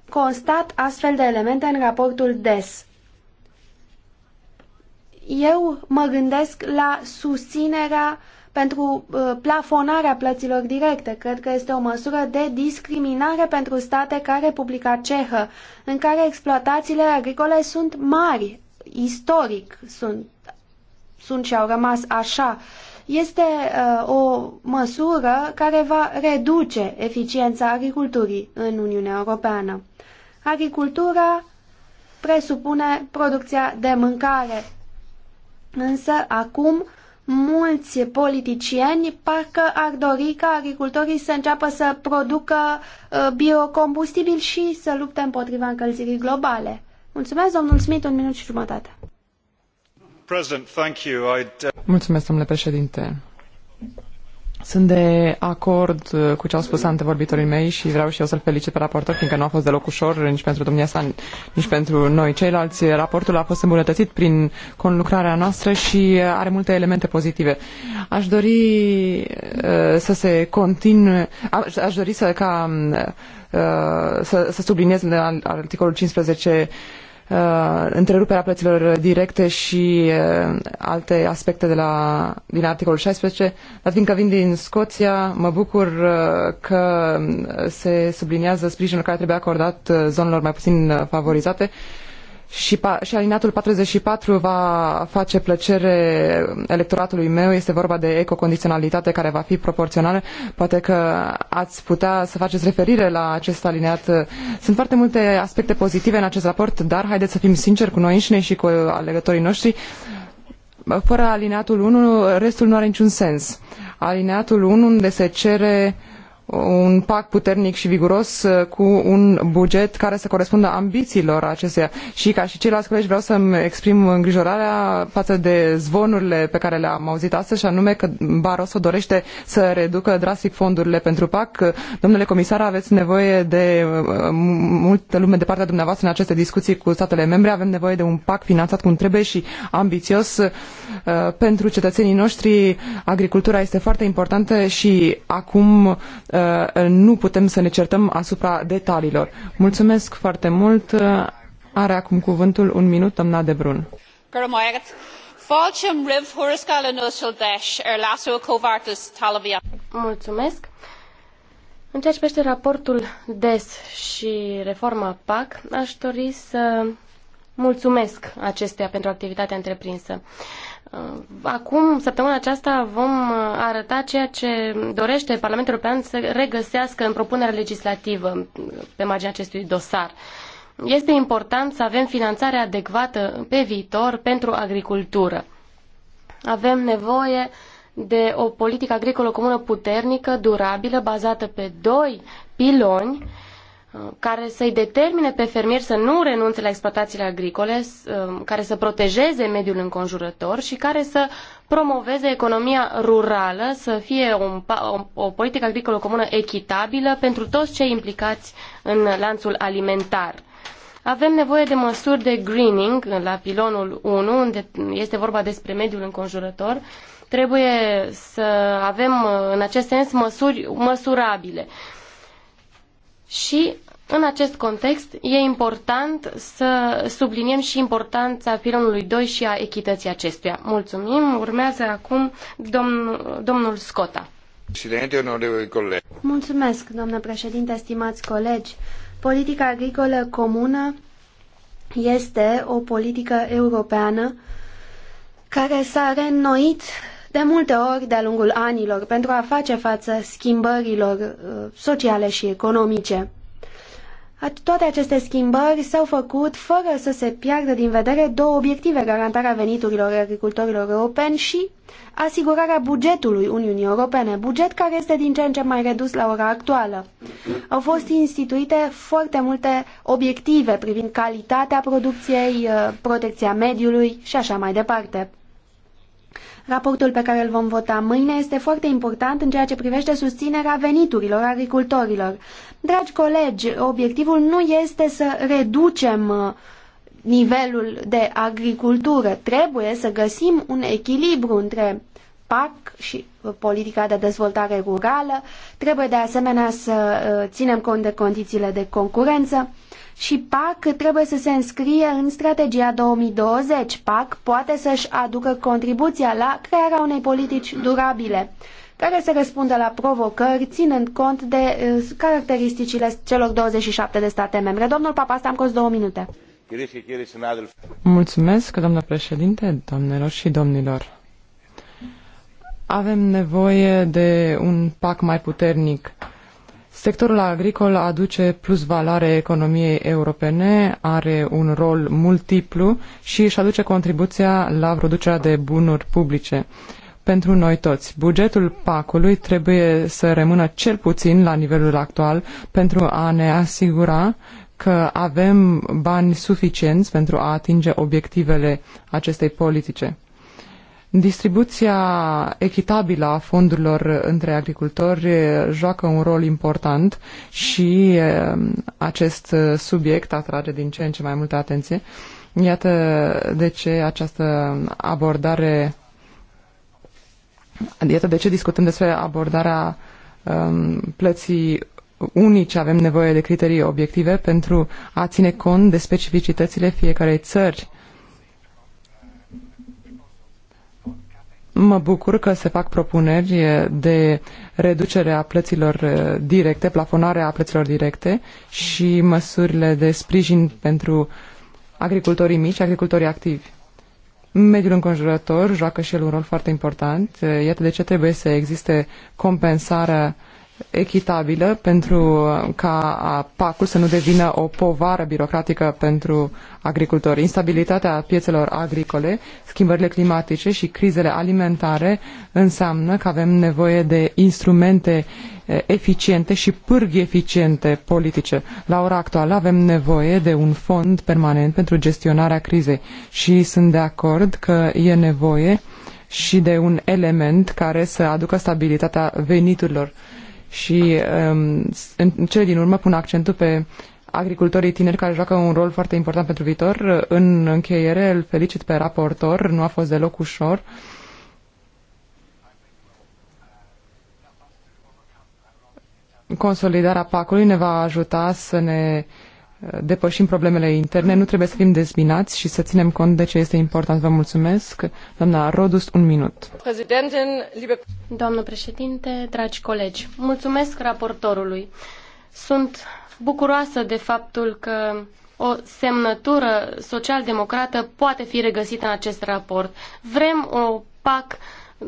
constat astfel de elemente în raportul DES. Eu mă gândesc la susținerea pentru uh, plafonarea plăților directe. Cred că este o măsură de discriminare pentru state ca Republica Cehă, în care exploatațiile agricole sunt mari, istoric sunt, sunt și au rămas așa. Este uh, o măsură care va reduce eficiența agriculturii în Uniunea Europeană. Agricultura presupune producția de mâncare, însă acum uh, mulți politicieni parcă ar dori ca agricultorii să înceapă să producă uh, biocombustibil și să lupte împotriva încălzirii globale. Mulțumesc, domnul Smith, un minut și jumătate. Uh, Mulțumesc, domnule președinte. Sunt de acord uh, cu ce au spus antevorbitorii mei și vreau și eu să-l felicit pe raportor, fiindcă nu a fost deloc ușor nici pentru domnia sa, nici pentru noi ceilalți. Raportul a fost îmbunătățit prin conlucrarea noastră și are multe elemente pozitive. Aș dori uh, să se continue, aș, dori să, ca, uh, să, să subliniez în articolul 15 uh, întreruperea plăților directe și uh, alte aspecte de la, din articolul 16. Dar fiindcă vin din Scoția, mă bucur uh, că se subliniază sprijinul care trebuie acordat uh, zonelor mai puțin uh, favorizate uh, și, și alineatul 44 va face plăcere electoratului meu. Este vorba de ecocondiționalitate care va fi proporțională. Poate că ați putea să faceți referire la acest alineat. Sunt foarte multe aspecte pozitive în acest raport, dar haideți să fim sinceri cu noi înșine și cu alegătorii noștri. Fără alineatul 1, restul nu are niciun sens. Alineatul 1 unde se cere uh, un pact puternic și viguros uh, cu un buget care să corespundă ambițiilor acesteia. Și ca și ceilalți colegi vreau să-mi exprim îngrijorarea față de zvonurile pe care le-am auzit astăzi și anume că Barroso dorește să reducă drastic fondurile pentru PAC. Domnule comisar, aveți nevoie de uh, multă lume de partea dumneavoastră în aceste discuții cu statele membre. Avem nevoie de un PAC finanțat cum trebuie și ambițios uh, pentru cetățenii noștri. Agricultura este foarte importantă și acum Uh, nu putem să ne certăm asupra detaliilor. Mulțumesc foarte mult. Uh, are acum cuvântul un minut, doamna De Brun. Er mulțumesc. În ceea ce privește raportul DES și reforma PAC, aș dori să mulțumesc acestea pentru activitatea întreprinsă. Uh, acum, săptămâna aceasta, vom uh, arăta ceea ce dorește Parlamentul European să regăsească în propunerea legislativă uh, pe marginea acestui dosar. Este important să avem finanțare adecvată pe viitor pentru agricultură. Avem nevoie de o politică agricolă comună puternică, durabilă, bazată pe doi piloni Uh, care să-i determine pe fermieri să nu renunțe la exploatațiile agricole, uh, care să protejeze mediul înconjurător și care să promoveze economia rurală, să fie o, o, o politică agricolă comună echitabilă pentru toți cei implicați în lanțul alimentar. Avem nevoie de măsuri de greening la pilonul 1, unde este vorba despre mediul înconjurător. Trebuie să avem uh, în acest sens măsuri măsurabile. Și în acest context e important să subliniem și importanța pilonului 2 și a echității acestuia. Mulțumim. Urmează acum domnul, domnul Scota. Mulțumesc, doamnă președinte, stimați colegi. Politica agricolă comună este o politică europeană care s-a reînnoit de multe ori de-a lungul anilor pentru a face față schimbărilor uh, sociale și economice. Toate aceste schimbări s-au făcut fără să se piardă din vedere două obiective, garantarea veniturilor agricultorilor europeni și asigurarea bugetului Uniunii Europene, buget care este din ce în ce mai redus la ora actuală. Au fost instituite foarte multe obiective privind calitatea producției, uh, protecția mediului și așa mai departe. Raportul pe care îl vom vota mâine este foarte important în ceea ce privește susținerea veniturilor agricultorilor. Dragi colegi, obiectivul nu este să reducem uh, nivelul de agricultură. Trebuie să găsim un echilibru între PAC și uh, politica de dezvoltare rurală. Trebuie de asemenea să uh, ținem cont de condițiile de concurență și PAC trebuie să se înscrie în strategia 2020. PAC poate să-și aducă contribuția la crearea unei politici durabile care să răspundă la provocări, ținând cont de uh, caracteristicile celor 27 de state membre. Domnul Papastamcos, două minute. Mulțumesc, doamnă președinte, doamnelor și domnilor. Avem nevoie de un pac mai puternic Sectorul agricol aduce plus valoare economiei europene, are un rol multiplu și își aduce contribuția la producerea de bunuri publice pentru noi toți. Bugetul PAC-ului trebuie să rămână cel puțin la nivelul actual pentru a ne asigura că avem bani suficienți pentru a atinge obiectivele acestei politice. Distribuția echitabilă a fondurilor între agricultori eh, joacă un rol important și eh, acest eh, subiect atrage din ce în ce mai multă atenție. Iată de ce această abordare. Iată de ce discutăm despre abordarea um, plății unice. Avem nevoie de criterii obiective pentru a ține cont de specificitățile fiecarei țări Mă bucur că se fac propuneri de reducere a plăților eh, directe, plafonarea plăților directe și măsurile de sprijin pentru agricultorii mici, agricultorii activi. Mediul înconjurător joacă și el un rol foarte important. Eh, iată de ce trebuie să existe compensarea echitabilă pentru uh, ca pacul să nu devină o povară birocratică pentru agricultori. Instabilitatea piețelor agricole, schimbările climatice și crizele alimentare înseamnă că avem nevoie de instrumente uh, eficiente și pârghi eficiente politice. La ora actuală avem nevoie de un fond permanent pentru gestionarea crizei și sunt de acord că e nevoie și de un element care să aducă stabilitatea veniturilor și um, în cele din urmă pun accentul pe agricultorii tineri care joacă un rol foarte important pentru viitor. În încheiere îl felicit pe raportor, nu a fost deloc ușor. Consolidarea pacului ne va ajuta să ne depășim problemele interne, nu trebuie să fim dezbinați și să ținem cont de ce este important. Vă mulțumesc. Doamna Rodus, un minut. Doamnă președinte, dragi colegi, mulțumesc raportorului. Sunt bucuroasă de faptul că o semnătură social-democrată poate fi regăsită în acest raport. Vrem o PAC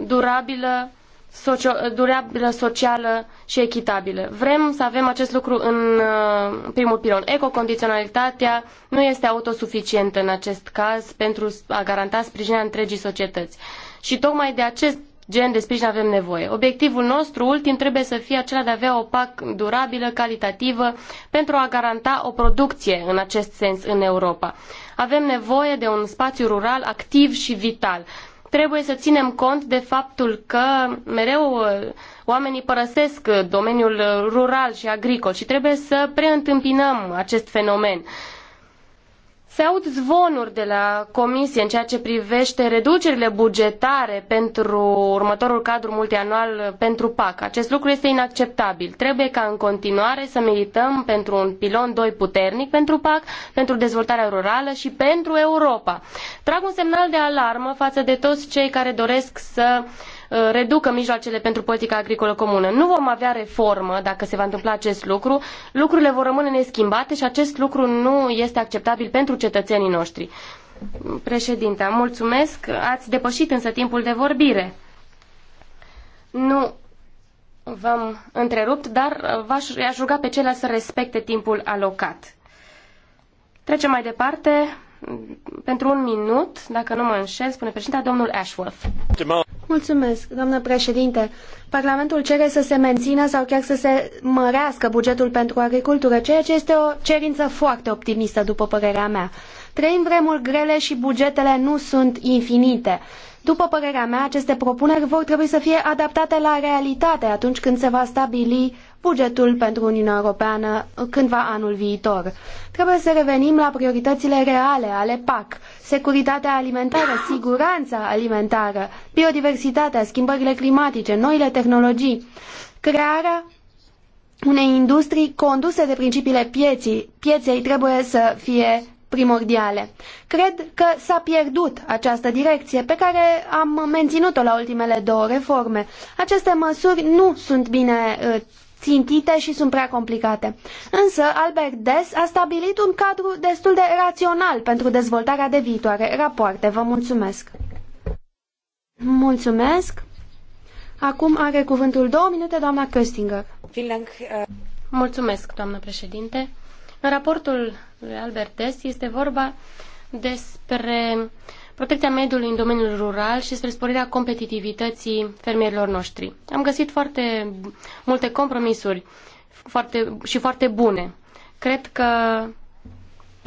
durabilă, socio- durabilă, socială și echitabilă. Vrem să avem acest lucru în uh, primul pilon. Ecocondiționalitatea nu este autosuficientă în acest caz pentru a garanta sprijinirea întregii societăți. Și tocmai de acest gen de sprijin avem nevoie. Obiectivul nostru ultim trebuie să fie acela de a avea o PAC durabilă, calitativă, pentru a garanta o producție în acest sens în Europa. Avem nevoie de un spațiu rural activ și vital trebuie să ținem cont de faptul că mereu uh, oamenii părăsesc uh, domeniul uh, rural și agricol și trebuie să preîntâmpinăm acest fenomen. Se aud zvonuri de la Comisie în ceea ce privește reducerile bugetare pentru următorul cadru multianual pentru PAC. Acest lucru este inacceptabil. Trebuie ca în continuare să milităm pentru un pilon doi puternic pentru PAC, pentru dezvoltarea rurală și pentru Europa. Trag un semnal de alarmă față de toți cei care doresc să Uh, reducă mijloacele pentru politica agricolă comună. Nu vom avea reformă dacă se va întâmpla acest lucru. Lucrurile vor rămâne neschimbate și acest lucru nu este acceptabil pentru cetățenii noștri. Președinta, mulțumesc. Ați depășit însă timpul de vorbire. Nu v-am întrerupt, dar uh, v-aș ruga pe ceilalți să respecte timpul alocat. Trecem mai departe pentru un minut, dacă nu mă înșel, spune președinta, domnul Ashworth. Mulțumesc, doamnă președinte. Parlamentul cere să se mențină sau chiar să se mărească bugetul pentru agricultură, ceea ce este o cerință foarte optimistă, după părerea mea. Trăim vremuri grele și bugetele nu sunt infinite. După părerea mea, aceste propuneri vor trebui să fie adaptate la realitate atunci când se va stabili bugetul pentru Uniunea Europeană cândva anul viitor. Trebuie să revenim la prioritățile reale ale PAC, securitatea alimentară, siguranța alimentară, biodiversitatea, schimbările climatice, noile tehnologii, crearea unei industrii conduse de principiile pieții. Pieței trebuie să fie primordiale. Cred că s-a pierdut această direcție pe care am menținut-o la ultimele două reforme. Aceste măsuri nu sunt bine uh, țintite și sunt prea complicate. Însă, Albert Dess a stabilit un cadru destul de rațional pentru dezvoltarea de viitoare rapoarte. Vă mulțumesc! Mulțumesc! Acum are cuvântul două minute doamna Köstinger. Mulțumesc, doamnă președinte. În raportul lui Albert Dess este vorba despre protecția mediului în domeniul rural și spre sporirea competitivității fermierilor noștri. Am găsit foarte multe compromisuri foarte, și foarte bune. Cred că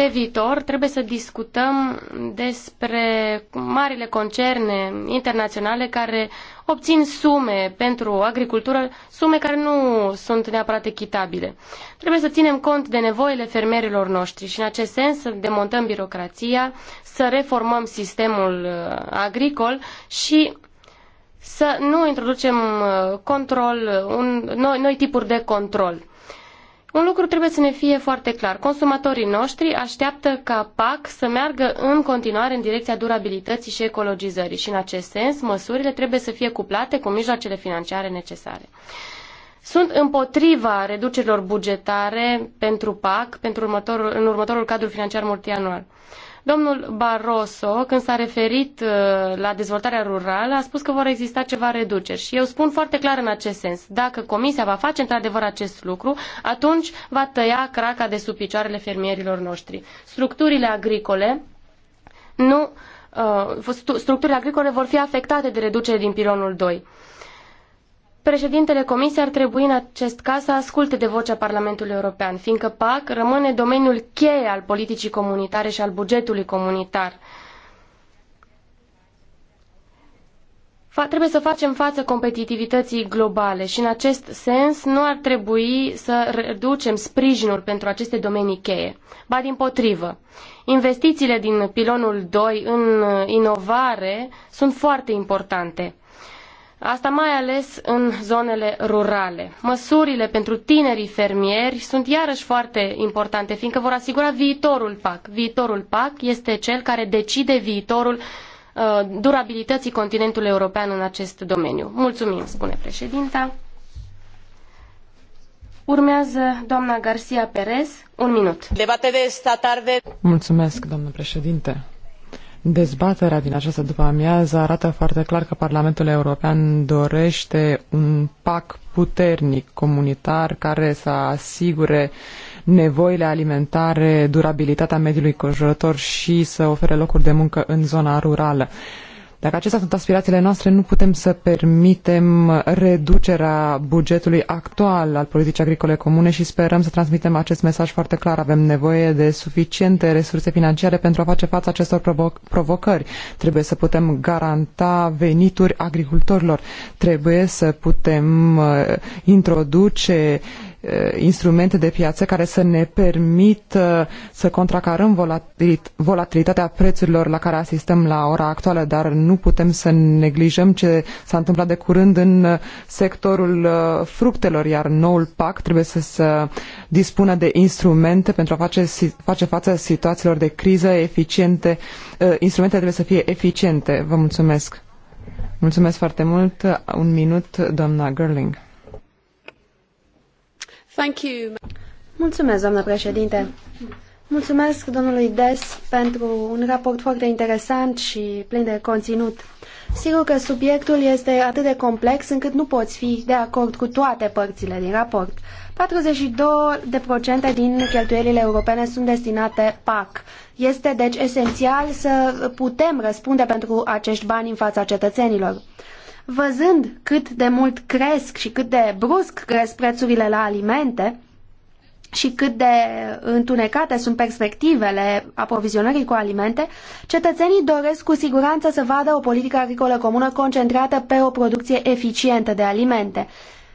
pe viitor trebuie să discutăm despre marile concerne internaționale care obțin sume pentru agricultură, sume care nu sunt neapărat echitabile. Trebuie să ținem cont de nevoile fermierilor noștri și în acest sens să demontăm birocrația, să reformăm sistemul uh, agricol și să nu introducem uh, control, un, noi, noi tipuri de control. Un lucru trebuie să ne fie foarte clar. Consumatorii noștri așteaptă ca PAC să meargă în continuare în direcția durabilității și ecologizării și, în acest sens, măsurile trebuie să fie cuplate cu mijloacele financiare necesare. Sunt împotriva reducerilor bugetare pentru PAC pentru următorul, în următorul cadru financiar multianual. Domnul Barroso, când s-a referit uh, la dezvoltarea rurală, a spus că vor exista ceva reduceri și eu spun foarte clar în acest sens. Dacă Comisia va face într-adevăr acest lucru, atunci va tăia craca de sub picioarele fermierilor noștri. Structurile agricole nu uh, structurile agricole vor fi afectate de reducere din pilonul 2. Președintele Comisiei ar trebui în acest caz să asculte de vocea Parlamentului European, fiindcă PAC rămâne domeniul cheie al politicii comunitare și al bugetului comunitar. trebuie să facem față competitivității globale și în acest sens nu ar trebui să reducem sprijinul pentru aceste domenii cheie. Ba din potrivă, investițiile din pilonul 2 în uh, inovare sunt foarte importante. Asta mai ales în zonele rurale. Măsurile pentru tinerii fermieri sunt iarăși foarte importante, fiindcă vor asigura viitorul PAC. Viitorul PAC este cel care decide viitorul uh, durabilității continentului european în acest domeniu. Mulțumim, spune președinta. Urmează doamna Garcia Perez, un minut. Debate de esta tarde. Mulțumesc, doamnă președinte. Dezbaterea din această după-amiază arată foarte clar că Parlamentul European dorește un pact puternic comunitar care să asigure nevoile alimentare, durabilitatea mediului conjurător și să ofere locuri de muncă în zona rurală. Dacă acestea sunt aspirațiile noastre, nu putem să permitem reducerea bugetului actual al politicii agricole comune și sperăm să transmitem acest mesaj foarte clar. Avem nevoie de suficiente resurse financiare pentru a face față acestor provo provocări. Trebuie să putem garanta venituri agricultorilor. Trebuie să putem uh, introduce uh, Eh, instrumente de piață care să ne permită să contracarăm volatilitatea prețurilor la care asistăm la ora actuală, dar nu putem să neglijăm ce s-a întâmplat de curând în eh, sectorul eh, fructelor, iar noul PAC trebuie să se dispună de instrumente pentru a face, face față situațiilor de criză eficiente. Instrumentele trebuie să fie eficiente. Vă mulțumesc! Mulțumesc foarte mult. Un minut, doamna Gerling. Mulțumesc, doamnă președinte. Mulțumesc domnului Des pentru un raport foarte interesant și plin de conținut. Sigur că subiectul este atât de complex încât nu poți fi de acord cu toate părțile din raport. 42% din cheltuielile europene sunt destinate PAC. Este deci esențial să putem răspunde pentru acești bani în fața cetățenilor văzând cât de mult cresc și cât de brusc cresc prețurile la alimente și cât de întunecate sunt perspectivele aprovizionării cu alimente, cetățenii doresc cu siguranță să vadă o politică agricolă comună concentrată pe o producție eficientă de alimente.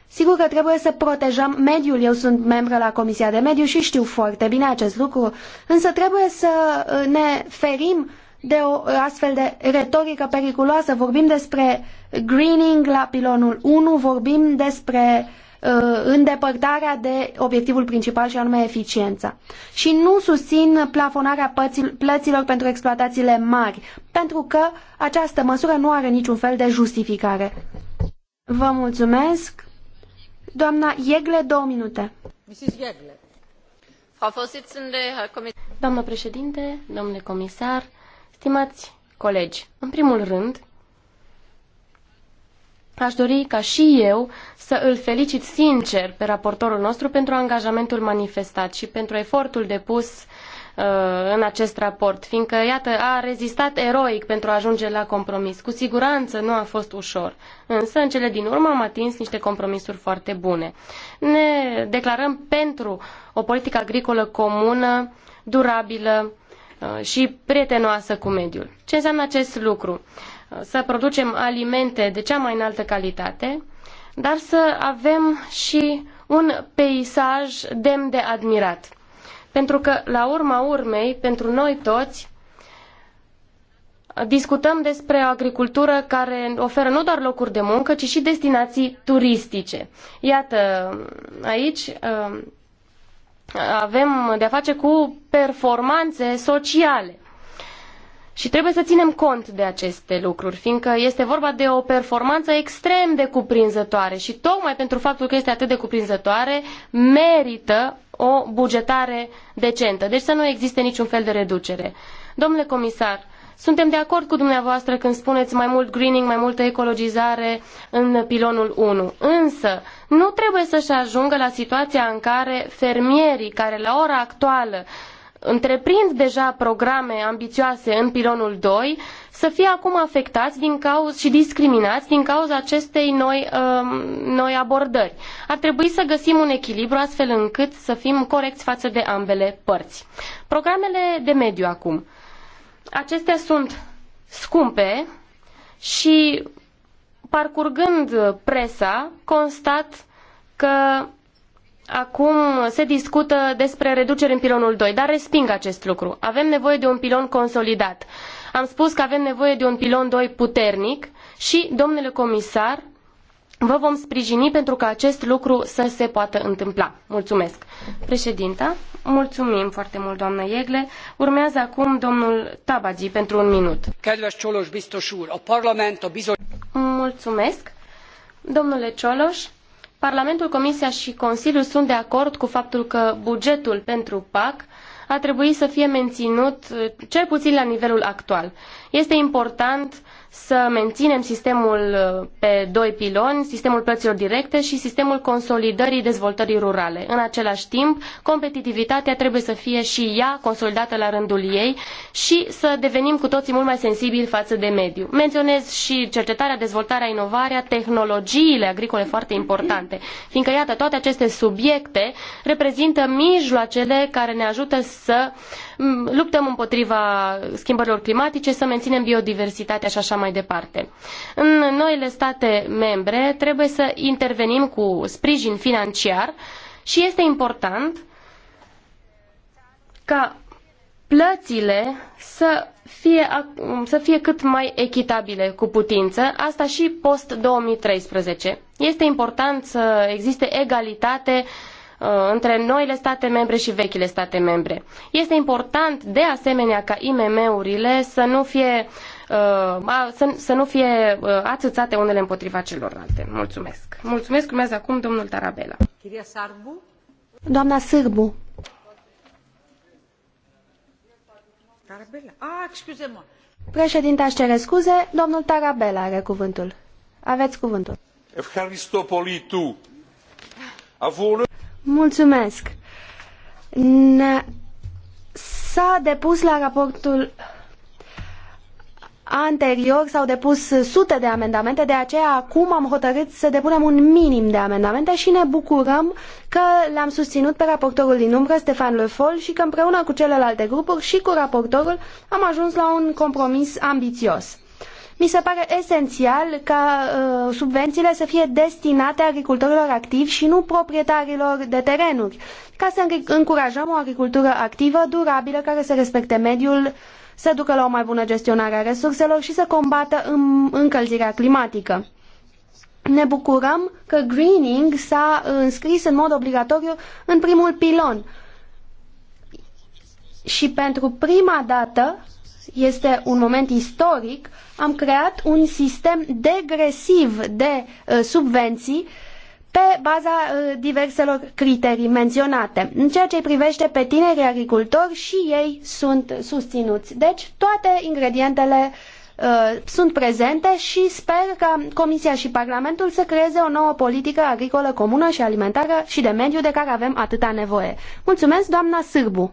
Sigur că trebuie să protejăm mediul. Eu sunt membră la Comisia de Mediu și știu foarte bine acest lucru, însă trebuie să uh, ne ferim de o ă, astfel de retorică periculoasă. Vorbim despre greening la pilonul 1, vorbim despre uh, îndepărtarea de obiectivul principal și anume eficiența. Și nu susțin plafonarea plăților pentru exploatațiile mari, pentru că această măsură nu are niciun fel de justificare. Vă mulțumesc. Doamna Iegle, două minute. Doamnă președinte, domnule comisar, Stimați colegi, în primul rând, aș dori ca și eu să îl felicit sincer pe raportorul nostru pentru angajamentul manifestat și pentru efortul depus uh, în acest raport, fiindcă, iată, a rezistat eroic pentru a ajunge la compromis. Cu siguranță nu a fost ușor, însă în cele din urmă am atins niște compromisuri foarte bune. Ne declarăm pentru o politică agricolă comună, durabilă, Uh, și prietenoasă cu mediul. Ce înseamnă acest lucru? Uh, să producem alimente de cea mai înaltă calitate, dar să avem și un peisaj demn de admirat. Pentru că, la urma urmei, pentru noi toți, discutăm despre o agricultură care oferă nu doar locuri de muncă, ci și destinații turistice. Iată, aici uh, avem de-a face cu performanțe sociale. Și trebuie să ținem cont de aceste lucruri, fiindcă este vorba de o performanță extrem de cuprinzătoare și tocmai pentru faptul că este atât de cuprinzătoare, merită o bugetare decentă. Deci să nu existe niciun fel de reducere. Domnule comisar, suntem de acord cu dumneavoastră când spuneți mai mult greening, mai multă ecologizare în pilonul 1. Însă, nu trebuie să-și ajungă la situația în care fermierii care la ora actuală întreprind deja programe ambițioase în pilonul 2 să fie acum afectați din cauza și discriminați din cauza acestei noi, um, noi abordări. Ar trebui să găsim un echilibru astfel încât să fim corecți față de ambele părți. Programele de mediu acum. Acestea sunt scumpe și parcurgând presa constat că acum se discută despre reduceri în pilonul 2, dar resping acest lucru. Avem nevoie de un pilon consolidat. Am spus că avem nevoie de un pilon 2 puternic și, domnule comisar, Vă vom sprijini pentru ca acest lucru să se poată întâmpla. Mulțumesc. Președinta, mulțumim foarte mult, doamnă Iegle. Urmează acum domnul Tabagi pentru un minut. Mulțumesc. Domnule Cioloș, Parlamentul, Comisia și Consiliul sunt de acord cu faptul că bugetul pentru PAC a trebuit să fie menținut eh, cel puțin la nivelul actual. Este important să menținem sistemul uh, pe doi piloni, sistemul plăților directe și sistemul consolidării dezvoltării rurale. În același timp, competitivitatea trebuie să fie și ea consolidată la rândul ei și să devenim cu toții mult mai sensibili față de mediu. Menționez și cercetarea, dezvoltarea, inovarea, tehnologiile agricole foarte importante, fiindcă, iată, toate aceste subiecte reprezintă mijloacele care ne ajută să uh, Mm, luptăm împotriva schimbărilor climatice, să menținem biodiversitatea și așa mai departe. În noile state membre trebuie să intervenim cu sprijin financiar și este important ca plățile să fie, să fie cât mai echitabile cu putință, asta și post-2013. Este important să existe egalitate uh, Uh, între noile state membre și vechile state membre. Este important, de asemenea, ca IMM-urile să nu fie uh, să, nu fie uh, ațățate unele împotriva celorlalte. Mulțumesc. Mulțumesc. Urmează acum domnul Tarabela. Doamna Sârbu. Tarabela. Ah, excuse-mă. Președinte, aș cere scuze. Domnul Tarabela are cuvântul. Aveți cuvântul. Evharistopolitu. Avul Mulțumesc. Ne... S-a depus la raportul anterior, s-au depus sute de amendamente, de aceea acum am hotărât să depunem un minim de amendamente și ne bucurăm că l-am susținut pe raportorul din umbră, Stefan Lefol, și că împreună cu celelalte grupuri și cu raportorul am ajuns la un compromis ambițios. Mi se pare esențial ca uh, subvențiile să fie destinate agricultorilor activi și nu proprietarilor de terenuri, ca să încurajăm o agricultură activă, durabilă, care să respecte mediul, să ducă la o mai bună gestionare a resurselor și să combată încălzirea climatică. Ne bucurăm că greening s-a înscris în mod obligatoriu în primul pilon. Și pentru prima dată este un moment istoric. Am creat un sistem degresiv de uh, subvenții pe baza uh, diverselor criterii menționate. În ceea ce privește pe tinerii agricultori, și ei sunt susținuți. Deci, toate ingredientele uh, sunt prezente și sper ca Comisia și Parlamentul să creeze o nouă politică agricolă comună și alimentară și de mediu de care avem atâta nevoie. Mulțumesc, doamna Sârbu!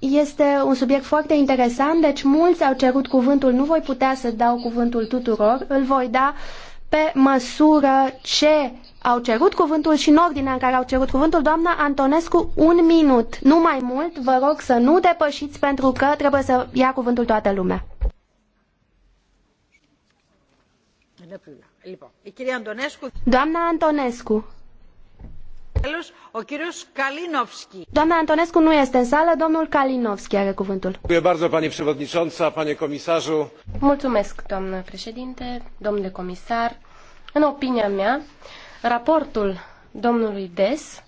Este un subiect foarte interesant, deci mulți au cerut cuvântul, nu voi putea să dau cuvântul tuturor, îl voi da pe măsură ce au cerut cuvântul și în ordinea în care au cerut cuvântul. Doamna Antonescu, un minut, nu mai mult, vă rog să nu depășiți pentru că trebuie să ia cuvântul toată lumea. Doamna Antonescu. Doamna Antonescu nu este în sală, domnul Kalinowski are cuvântul. Mulțumesc, doamnă președinte, domnule comisar. În opinia mea, raportul domnului Des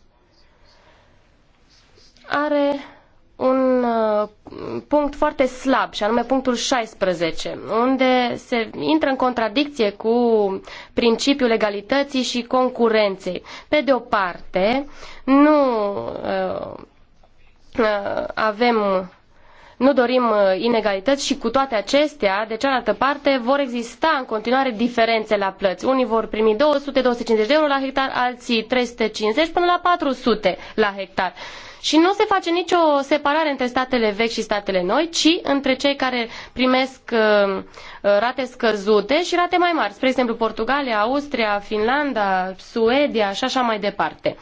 are un uh, punct foarte slab, și anume punctul 16, unde se intră în contradicție cu principiul legalității și concurenței. Pe de o parte, nu uh, uh, avem nu dorim inegalități și cu toate acestea, de cealaltă parte, vor exista în continuare diferențe la plăți. Unii vor primi 200-250 de euro la hectar, alții 350 până la 400 la hectar. Și nu se face nicio separare între statele vechi și statele noi, ci între cei care primesc uh, uh, rate scăzute și rate mai mari, spre exemplu Portugalia, Austria, Finlanda, Suedia și așa mai departe.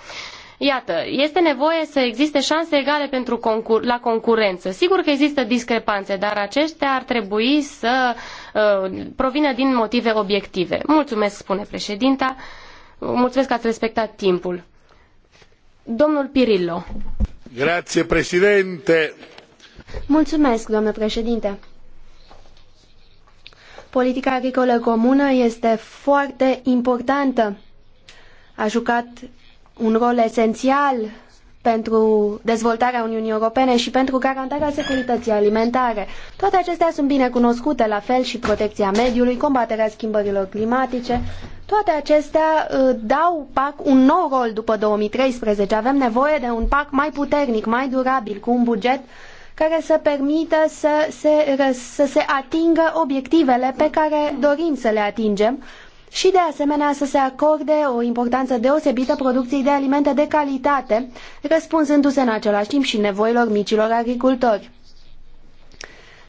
Iată, este nevoie să existe șanse egale pentru concur- la concurență. Sigur că există discrepanțe, dar acestea ar trebui să uh, provină din motive obiective. Mulțumesc, spune președinta. Mulțumesc că ați respectat timpul. Domnul Pirillo. Mulțumesc, domnule președinte. Politica agricolă comună este foarte importantă. A jucat un rol esențial pentru dezvoltarea Uniunii Europene și pentru garantarea securității alimentare. Toate acestea sunt bine cunoscute, la fel și protecția mediului, combaterea schimbărilor climatice. Toate acestea uh, dau PAC un nou rol după 2013. Avem nevoie de un PAC mai puternic, mai durabil, cu un buget care să permită să se, să se atingă obiectivele pe care dorim să le atingem și de asemenea să se acorde o importanță deosebită producției de alimente de calitate, răspunzându-se în același timp și nevoilor micilor agricultori.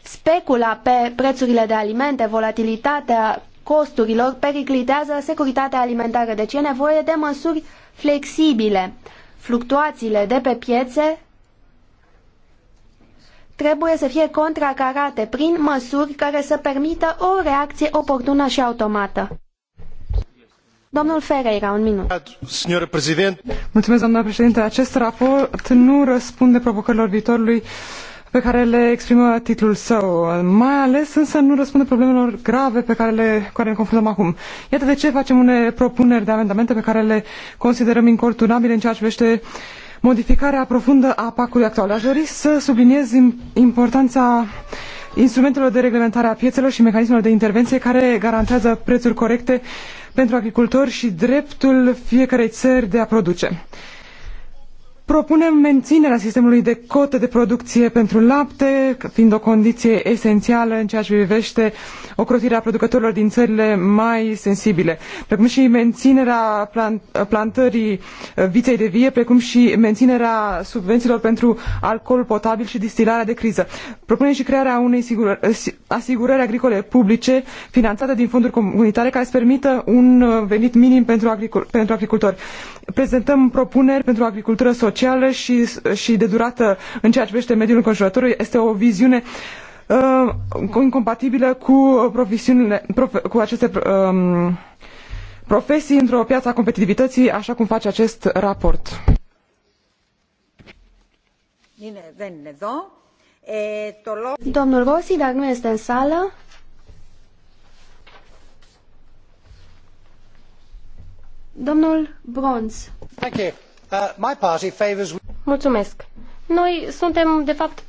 Specula pe prețurile de alimente, volatilitatea costurilor periclitează securitatea alimentară, deci e nevoie de măsuri flexibile. Fluctuațiile de pe piețe trebuie să fie contracarate prin măsuri care să permită o reacție oportună și automată președinte. Acest raport nu răspunde provocărilor viitorului pe care le exprimă titlul său, mai ales însă nu răspunde problemelor grave pe care, le, care ne confruntăm acum. Iată de ce facem unele propuneri de amendamente pe care le considerăm incorturabile în ceea ce privește modificarea profundă a pacului actual. Aș dori să subliniez importanța instrumentelor de reglementare a piețelor și mecanismelor de intervenție care garantează prețuri corecte pentru agricultori și dreptul fiecarei țări de a produce. Propunem menținerea sistemului de cote de producție pentru lapte, fiind o condiție esențială în ceea ce privește ocrotirea producătorilor din țările mai sensibile, precum și menținerea plantării uh, viței de vie, precum și menținerea subvențiilor pentru alcool potabil și distilarea de criză. Propunem și crearea unei uh, asigurări agricole publice finanțate din fonduri comunitare care să permită un uh, venit minim pentru, agricultori. Prezentăm propuneri pentru agricultură socială socială și, și de durată în ceea ce privește mediul înconjurător este o viziune uh, incompatibilă cu, profesiunile, prof, cu aceste um, profesii într-o piață a competitivității, așa cum face acest raport. Domnul Rossi, dar nu este în sală. Domnul Bronz. Thank you. Uh, Mulțumesc. Noi suntem, de fapt,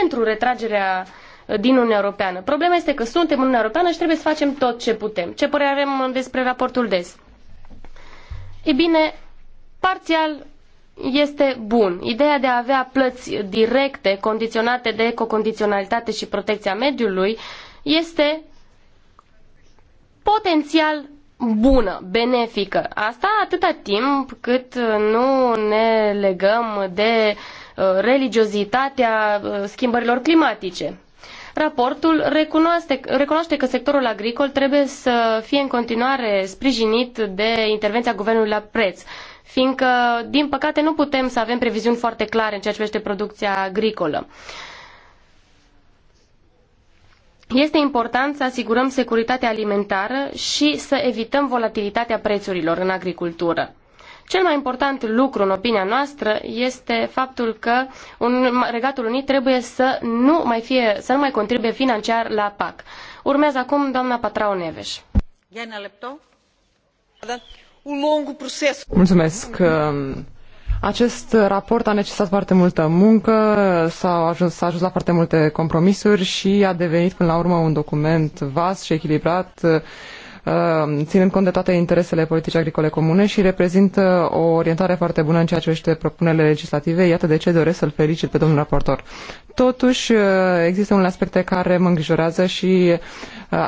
pentru retragerea uh, din Uniunea Europeană. Problema este că suntem în Uniunea Europeană și trebuie să facem tot ce putem. Ce părere avem despre raportul DES? E bine, parțial este bun. Ideea de a avea plăți directe, condiționate de ecocondiționalitate și protecția mediului, este potențial bună, benefică. Asta atâta timp cât uh, nu ne legăm de uh, religiozitatea uh, schimbărilor climatice. Raportul recunoaște, recunoaște că sectorul agricol trebuie să fie în continuare sprijinit de intervenția guvernului la preț, fiindcă, din păcate, nu putem să avem previziuni foarte clare în ceea ce privește producția agricolă. Uh, este important să asigurăm securitatea alimentară și să evităm volatilitatea prețurilor în agricultură. Cel mai important lucru, în opinia noastră, este faptul că Regatul Unit trebuie să nu mai, fie, să nu mai contribuie financiar la PAC. Urmează acum doamna Patrao Neveș. Mulțumesc. Um, acest raport a necesitat foarte multă muncă, s-a ajuns, s-a ajuns la foarte multe compromisuri și a devenit până la urmă un document vast și echilibrat Uh, ținând cont de toate interesele politice agricole comune și reprezintă uh, o orientare foarte bună în ceea ce privește propunerile legislative. Iată de ce doresc să-l felicit pe domnul raportor. Totuși, uh, există unele aspecte care mă îngrijorează și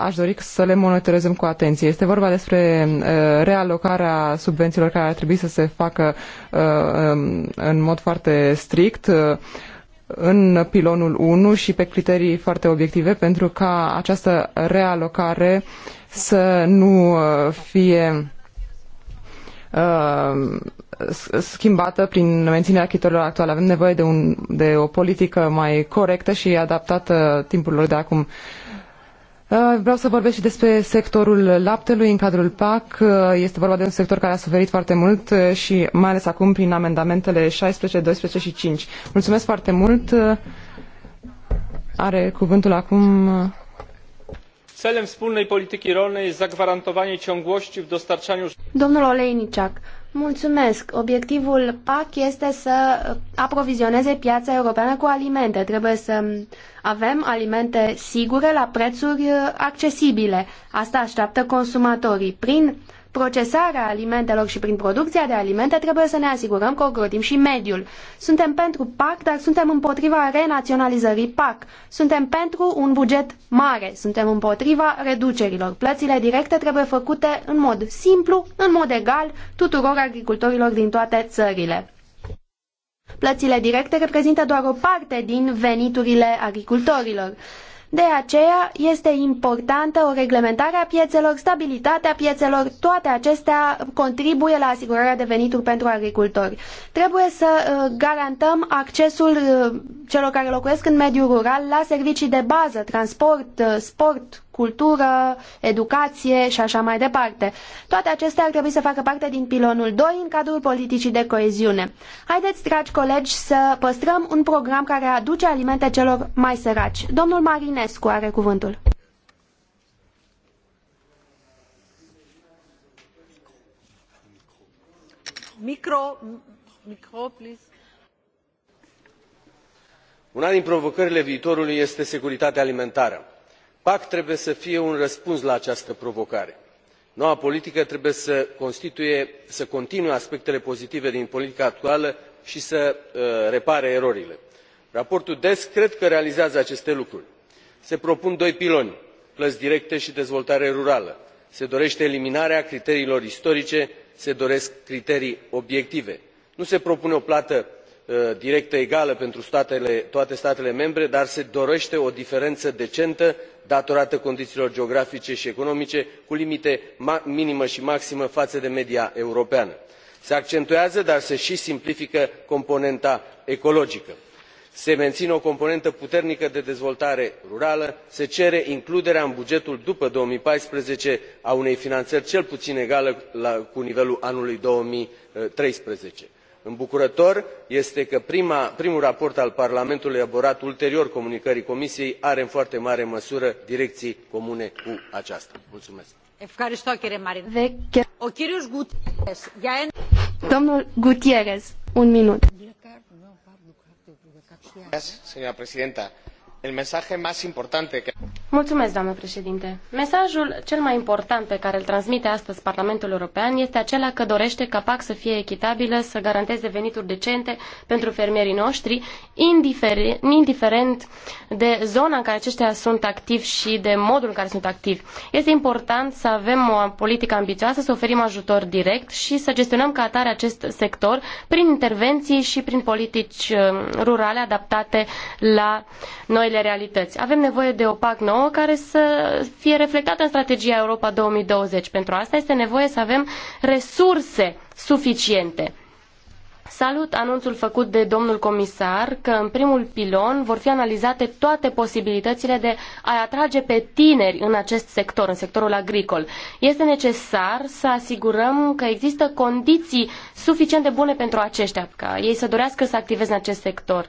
aș dori să le monitorizăm cu atenție. Este vorba despre realocarea subvențiilor care ar trebui să se facă um, în mod foarte strict în pilonul 1 și pe criterii foarte obiective pentru ca această realocare uh, să nu uh, fie uh, schimbată prin menținerea criteriilor actuale. Avem nevoie de, un, de o politică mai corectă și adaptată timpurilor de acum. Uh, vreau să vorbesc și despre sectorul laptelui în cadrul PAC. Este vorba de un sector care a suferit foarte mult și mai ales acum prin amendamentele 16, 12 și 5. Mulțumesc foarte mult. Are cuvântul acum celem wspólnej polityki rolnej jest zagwarantowanie ciągłości w dostarczaniu. Domnul Olejniczak, mulțumesc. Obiectivul PAC este să aprovizioneze piața europeană cu alimente. Trebuie să avem alimente sigure la prețuri accesibile. Asta așteaptă consumatorii. Prin procesarea alimentelor și prin producția de alimente trebuie să ne asigurăm că ocrotim și mediul. Suntem pentru PAC, dar suntem împotriva renaționalizării PAC. Suntem pentru un buget mare, suntem împotriva reducerilor. Plățile directe trebuie făcute în mod simplu, în mod egal, tuturor agricultorilor din toate țările. Plățile directe reprezintă doar o parte din veniturile agricultorilor. De aceea este importantă o reglementare a piețelor, stabilitatea piețelor, toate acestea contribuie la asigurarea de venituri pentru agricultori. Trebuie să uh, garantăm accesul uh, celor care locuiesc în mediul rural la servicii de bază, transport, uh, sport, cultură, educație și așa mai departe. Toate acestea ar trebui să facă parte din pilonul 2 în cadrul politicii de coeziune. Haideți, dragi colegi, să păstrăm un program care aduce alimente celor mai săraci. Domnul Marinescu are cuvântul. Micro, micro, please. Una din provocările viitorului este securitatea alimentară pac trebuie să fie un răspuns la această provocare. noua politică trebuie să continue aspectele pozitive din politica actuală și să uh, repare erorile. raportul dess cred că realizează aceste lucruri. se propun doi piloni plăți directe și dezvoltare rurală se dorește eliminarea criteriilor istorice se doresc criterii obiective nu se propune o plată Uh, directă egală pentru toate statele membre dar se dorete o diferenă decentă datorată condiiilor geografice i economice cu limite minimă i maximă faă de media europeană. se accentuează dar se i simplifică componenta ecologică se menine o componentă puternică de dezvoltare rurală se cere includerea în bugetul după două mii paisprezece a unei finanări cel puin egale cu nivelul anului două mii treisprezece îmbucurător este că primul raport al parlamentului elaborat ulterior comunicării comisiei are în foarte mare măsură direcții comune cu aceasta. Mulțumesc. Domnul un minut. señora presidenta Mulțumesc, doamnă președinte. Mesajul cel mai important pe care îl transmite astăzi Parlamentul European este acela că dorește ca PAC să fie echitabilă, să garanteze venituri decente pentru fermierii noștri, indiferent de zona în care aceștia sunt activi și de modul în care sunt activi. Este important să avem o politică ambițioasă, să oferim ajutor direct și să gestionăm ca atare acest sector prin intervenții și prin politici um, rurale adaptate la noi ambele realități. Avem nevoie de o PAC nouă care să fie reflectată în strategia Europa 2020. Pentru asta este nevoie să avem resurse suficiente. Salut anunțul făcut de domnul comisar că în primul pilon vor fi analizate toate posibilitățile de a atrage pe tineri în acest sector, în sectorul agricol. Este necesar să asigurăm că există condiții suficient de bune pentru aceștia, ca ei să dorească să activeze în acest sector.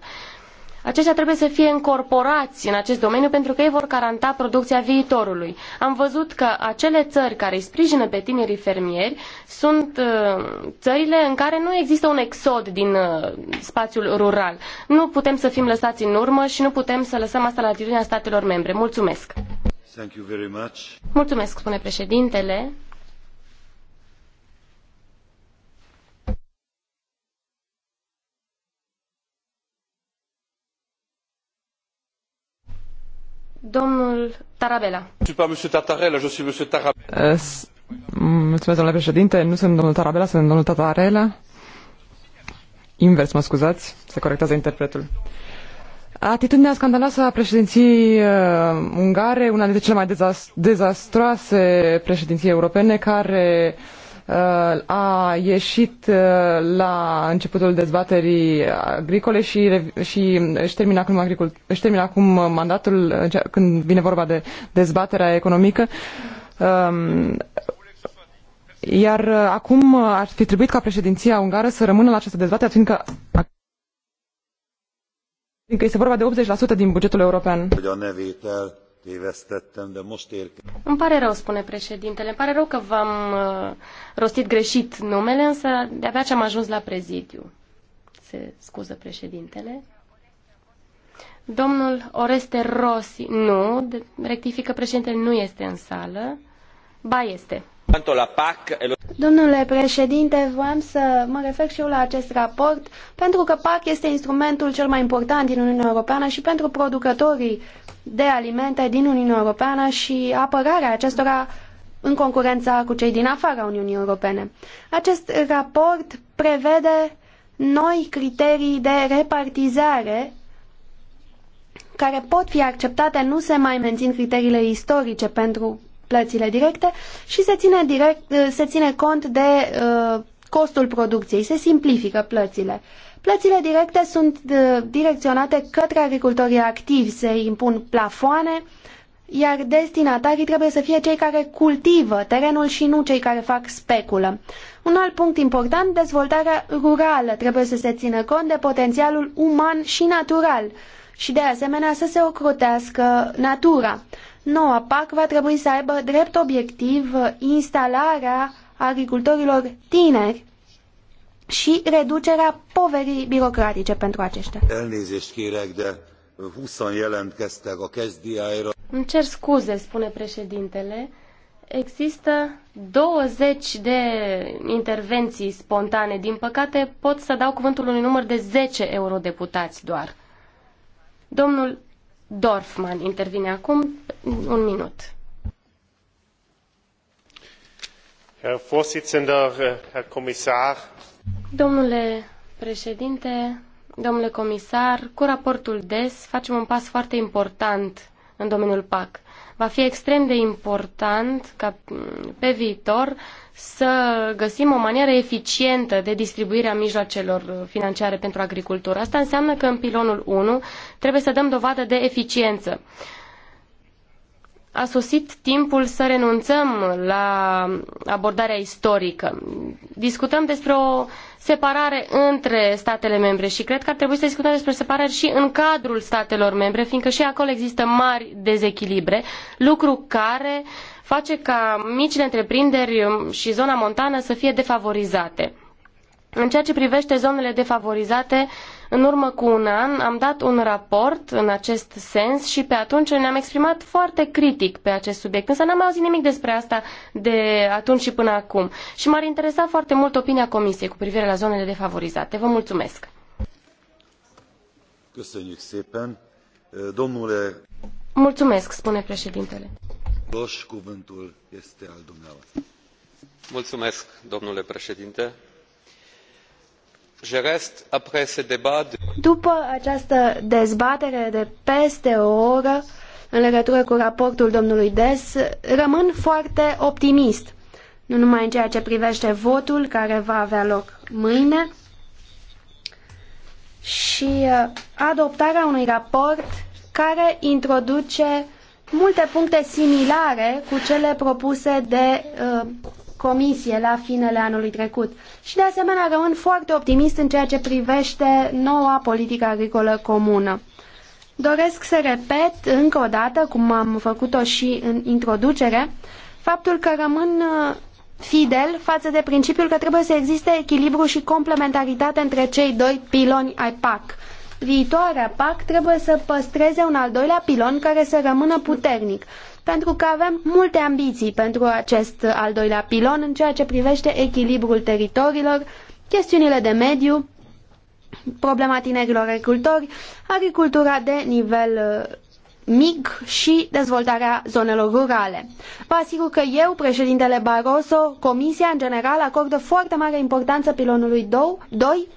Aceștia trebuie să fie încorporați în acest domeniu pentru că ei vor garanta producția viitorului. Am văzut că acele țări care îi sprijină pe tinerii fermieri sunt uh, țările în care nu există un exod din uh, spațiul rural. Nu putem să fim lăsați în urmă și nu putem să lăsăm asta la latitudinea statelor membre. Mulțumesc! Mulțumesc, spune președintele. Domnul Tarabella. Mulțumesc, domnule președinte. Nu sunt domnul Tarabella, sunt domnul Tatarela. Invers, mă scuzați. Se corectează interpretul. Atitudinea scandaloasă a președinției uh, ungare, una dintre cele mai dezast- dezastroase președinții europene, care uh, a ieșit uh, la începutul dezbaterii agricole și, și își termină acum, agricul, își termină acum mandatul când vine vorba de dezbaterea economică. Um, iar uh, acum ar fi trebuit ca președinția ungară să rămână la această dezbatere, fiindcă fiindcă este vorba de 80% din bugetul european. Îmi pare rău, spune președintele. Îmi pare rău că v-am uh, rostit greșit numele, însă de-abia ce am ajuns la prezidiu. Se scuză președintele. Domnul Oreste Rossi, nu, rectifică președintele, nu este în sală. Ba este. la PAC, Domnule președinte, voiam să mă refer și eu la acest raport, pentru că PAC este instrumentul cel mai important din Uniunea Europeană și pentru producătorii de alimente din Uniunea Europeană și apărarea acestora în concurența cu cei din afara Uniunii Europene. Acest raport prevede noi criterii de repartizare care pot fi acceptate, nu se mai mențin criteriile istorice pentru plățile directe și se ține, direct, eh, se ține cont de eh, costul producției, se simplifică plățile. Plățile directe sunt eh, direcționate către agricultorii activi, se impun plafoane, iar destinatarii trebuie să fie cei care cultivă terenul și nu cei care fac speculă. Un alt punct important, dezvoltarea rurală trebuie să se țină cont de potențialul uman și natural și de asemenea să se ocrotească natura. Noua PAC va trebui să aibă drept obiectiv uh, instalarea agricultorilor tineri și reducerea poverii birocratice pentru aceștia. Îmi cer scuze, spune președintele. Există 20 de intervenții spontane. Din păcate, pot să dau cuvântul unui număr de 10 eurodeputați doar. Domnul Dorfman intervine acum un minut. Herr Vorsitzender, Herr Kommissar. Domnule președinte, domnule comisar, cu raportul DES facem un pas foarte important în domeniul PAC. Va fi extrem de important ca mm, pe viitor să găsim o manieră eficientă de distribuire a mijloacelor uh, financiare pentru agricultură. Asta înseamnă că în pilonul 1 trebuie să dăm dovadă de eficiență. A sosit timpul să renunțăm la abordarea istorică. Discutăm despre o separare între statele membre și cred că ar trebui să discutăm despre separare și în cadrul statelor membre, fiindcă și acolo există mari dezechilibre, lucru care face ca micile întreprinderi și zona montană să fie defavorizate. În ceea ce privește zonele defavorizate, uh, în urmă cu un an am dat un raport în acest sens și pe atunci ne-am exprimat foarte critic pe acest subiect, însă n-am auzit nimic despre asta de atunci și până acum. Și m-ar interesa foarte mult opinia Comisiei cu privire la zonele defavorizate. Vă mulțumesc! Domnule... Mulțumesc, spune președintele. Doș, cuvântul este al dumneavoastră. Mulțumesc, domnule președinte după această dezbatere de peste o oră în legătură cu raportul domnului Des, rămân foarte optimist, nu numai în ceea ce privește votul care va avea loc mâine, și uh, adoptarea unui raport care introduce multe puncte similare cu cele propuse de uh, comisie la finele anului trecut și de asemenea rămân foarte optimist în ceea ce privește noua politică agricolă comună. Doresc să repet încă o dată, cum am făcut-o și în introducere, faptul că rămân uh, fidel față de principiul că trebuie să existe echilibru și complementaritate între cei doi piloni ai PAC. Viitoarea PAC trebuie să păstreze un al doilea pilon care să rămână puternic pentru că avem multe ambiții pentru acest al doilea pilon în ceea ce privește echilibrul teritoriilor, chestiunile de mediu, problema tinerilor agricultori, agricultura de nivel uh, mic și dezvoltarea zonelor rurale. Vă asigur că eu, președintele Barroso, Comisia în general acordă foarte mare importanță pilonului 2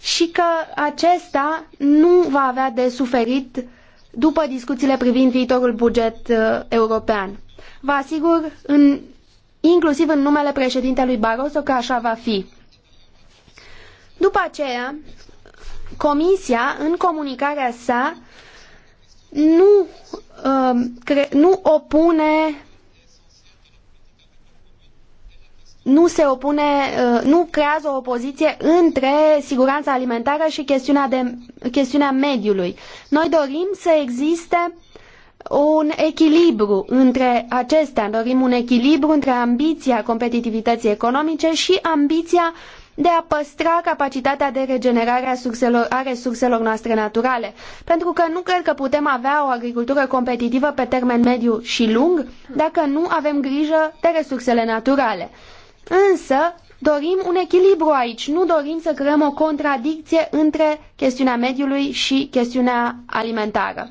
și că acesta nu va avea de suferit după discuțiile privind viitorul buget uh, european. Vă asigur, în, inclusiv în numele președintelui Barroso, că așa va fi. După aceea, Comisia, în comunicarea sa, nu, uh, nu opune nu se opune, uh, nu creează o opoziție între siguranța alimentară și chestiunea, de, chestiunea mediului. Noi dorim să existe un echilibru între acestea, dorim un echilibru între ambiția competitivității economice și ambiția de a păstra capacitatea de regenerare a, surselor, a resurselor noastre naturale. Pentru că nu cred că putem avea o agricultură competitivă pe termen mediu și lung dacă nu avem grijă de resursele naturale. Însă, dorim un echilibru aici, nu dorim să creăm o contradicție între chestiunea mediului și chestiunea alimentară.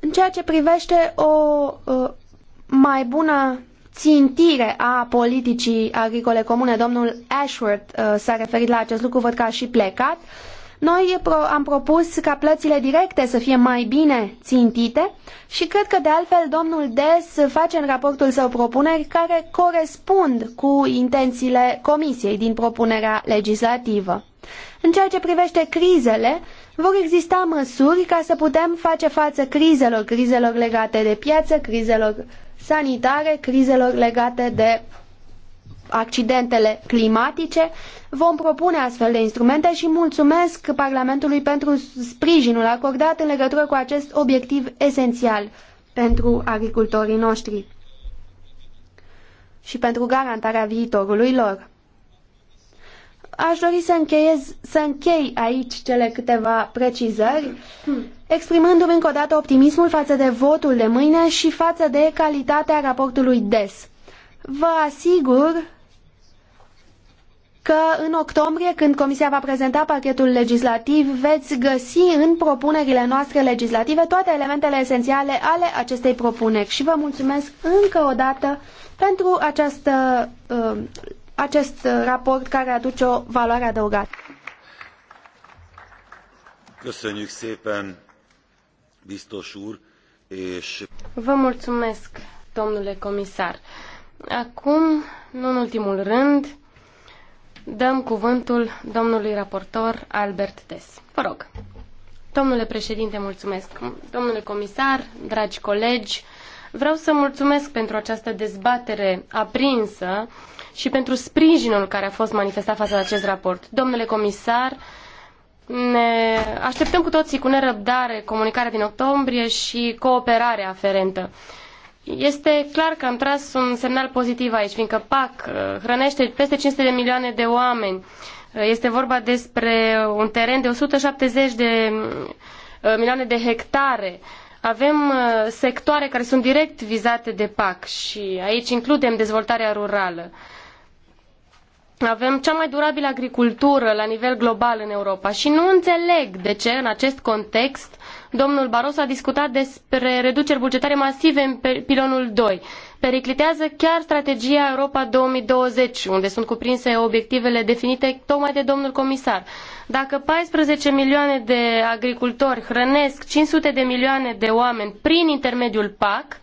În ceea ce privește o uh, mai bună țintire a politicii agricole comune, domnul Ashworth uh, s-a referit la acest lucru, văd că a și plecat. Uh, noi am propus ca plățile directe să fie mai bine țintite și cred că de altfel domnul Des face în raportul său propuneri care corespund cu intențiile Comisiei din propunerea legislativă. În ceea ce privește crizele, vor exista măsuri ca să putem face față crizelor, crizelor legate de piață, crizelor sanitare, crizelor legate de accidentele climatice. Vom propune astfel de instrumente și mulțumesc Parlamentului pentru sprijinul acordat în legătură cu acest obiectiv esențial pentru agricultorii noștri și pentru garantarea viitorului lor. Aș dori să, încheiez, să închei aici cele câteva precizări, exprimându-mi încă o dată optimismul față de votul de mâine și față de calitatea raportului DES. Vă asigur că în octombrie, când Comisia va prezenta pachetul legislativ, veți găsi în propunerile noastre legislative toate elementele esențiale ale acestei propuneri. Și vă mulțumesc încă o dată pentru această, uh, acest raport care aduce o valoare adăugată. Köszönjük szépen, biztos úr, és... Vă mulțumesc, domnule comisar. Acum, nu în ultimul rând, Dăm cuvântul domnului raportor Albert Des. Vă rog. Domnule președinte, mulțumesc. Domnule comisar, dragi colegi, vreau să mulțumesc pentru această dezbatere aprinsă și pentru sprijinul care a fost manifestat față de acest raport. Domnule comisar, ne așteptăm cu toții cu nerăbdare comunicarea din octombrie și cooperarea aferentă. Este clar că am tras un semnal pozitiv aici, fiindcă PAC uh, hrănește peste 500 de milioane de oameni. Uh, este vorba despre un teren de 170 de uh, milioane de hectare. Avem sectoare care sunt direct vizate de PAC și aici includem dezvoltarea rurală. Avem cea mai durabilă agricultură la nivel global în Europa și nu înțeleg de ce în acest context Domnul Barroso a discutat despre reduceri bugetare masive în pilonul 2. Periclitează chiar strategia Europa 2020, unde sunt cuprinse obiectivele definite tocmai de domnul comisar. Dacă 14 milioane de agricultori hrănesc 500 de milioane de oameni prin intermediul PAC,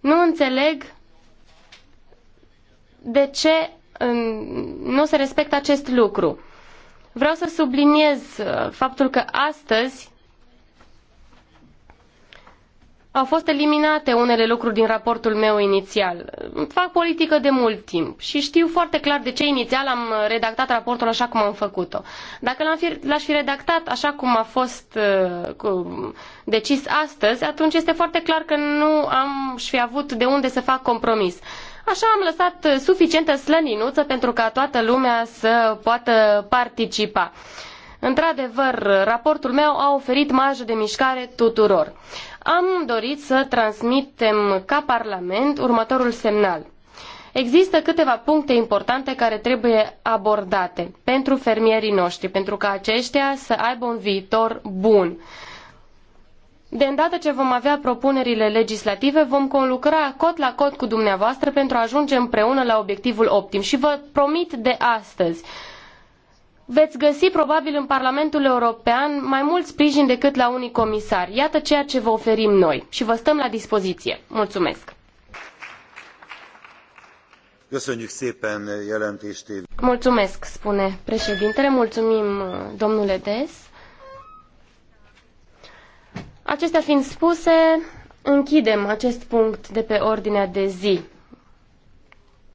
nu înțeleg de ce nu se respectă acest lucru. Vreau să subliniez uh, faptul că astăzi au fost eliminate unele lucruri din raportul meu inițial. Fac politică de mult timp și știu foarte clar de ce inițial am redactat raportul așa cum am făcut-o. Dacă l-am fi, l-aș fi redactat așa cum a fost uh, cu, decis astăzi, atunci este foarte clar că nu am și fi avut de unde să fac compromis. Așa am lăsat suficientă slăninuță pentru ca toată lumea să poată participa. Într-adevăr, raportul meu a oferit marjă de mișcare tuturor. Am dorit să transmitem ca Parlament următorul semnal. Există câteva puncte importante care trebuie abordate pentru fermierii noștri, pentru ca aceștia să aibă un viitor bun. De îndată ce vom avea propunerile legislative, vom conlucra cot la cot cu dumneavoastră pentru a ajunge împreună la obiectivul optim. Și vă promit de astăzi, veți găsi probabil în Parlamentul European mai mult sprijin decât la unii comisari. Iată ceea ce vă oferim noi și vă stăm la dispoziție. Mulțumesc! Mulțumesc, spune președintele. Mulțumim, domnule Des. Acestea fiind spuse, închidem acest punct de pe ordinea de zi.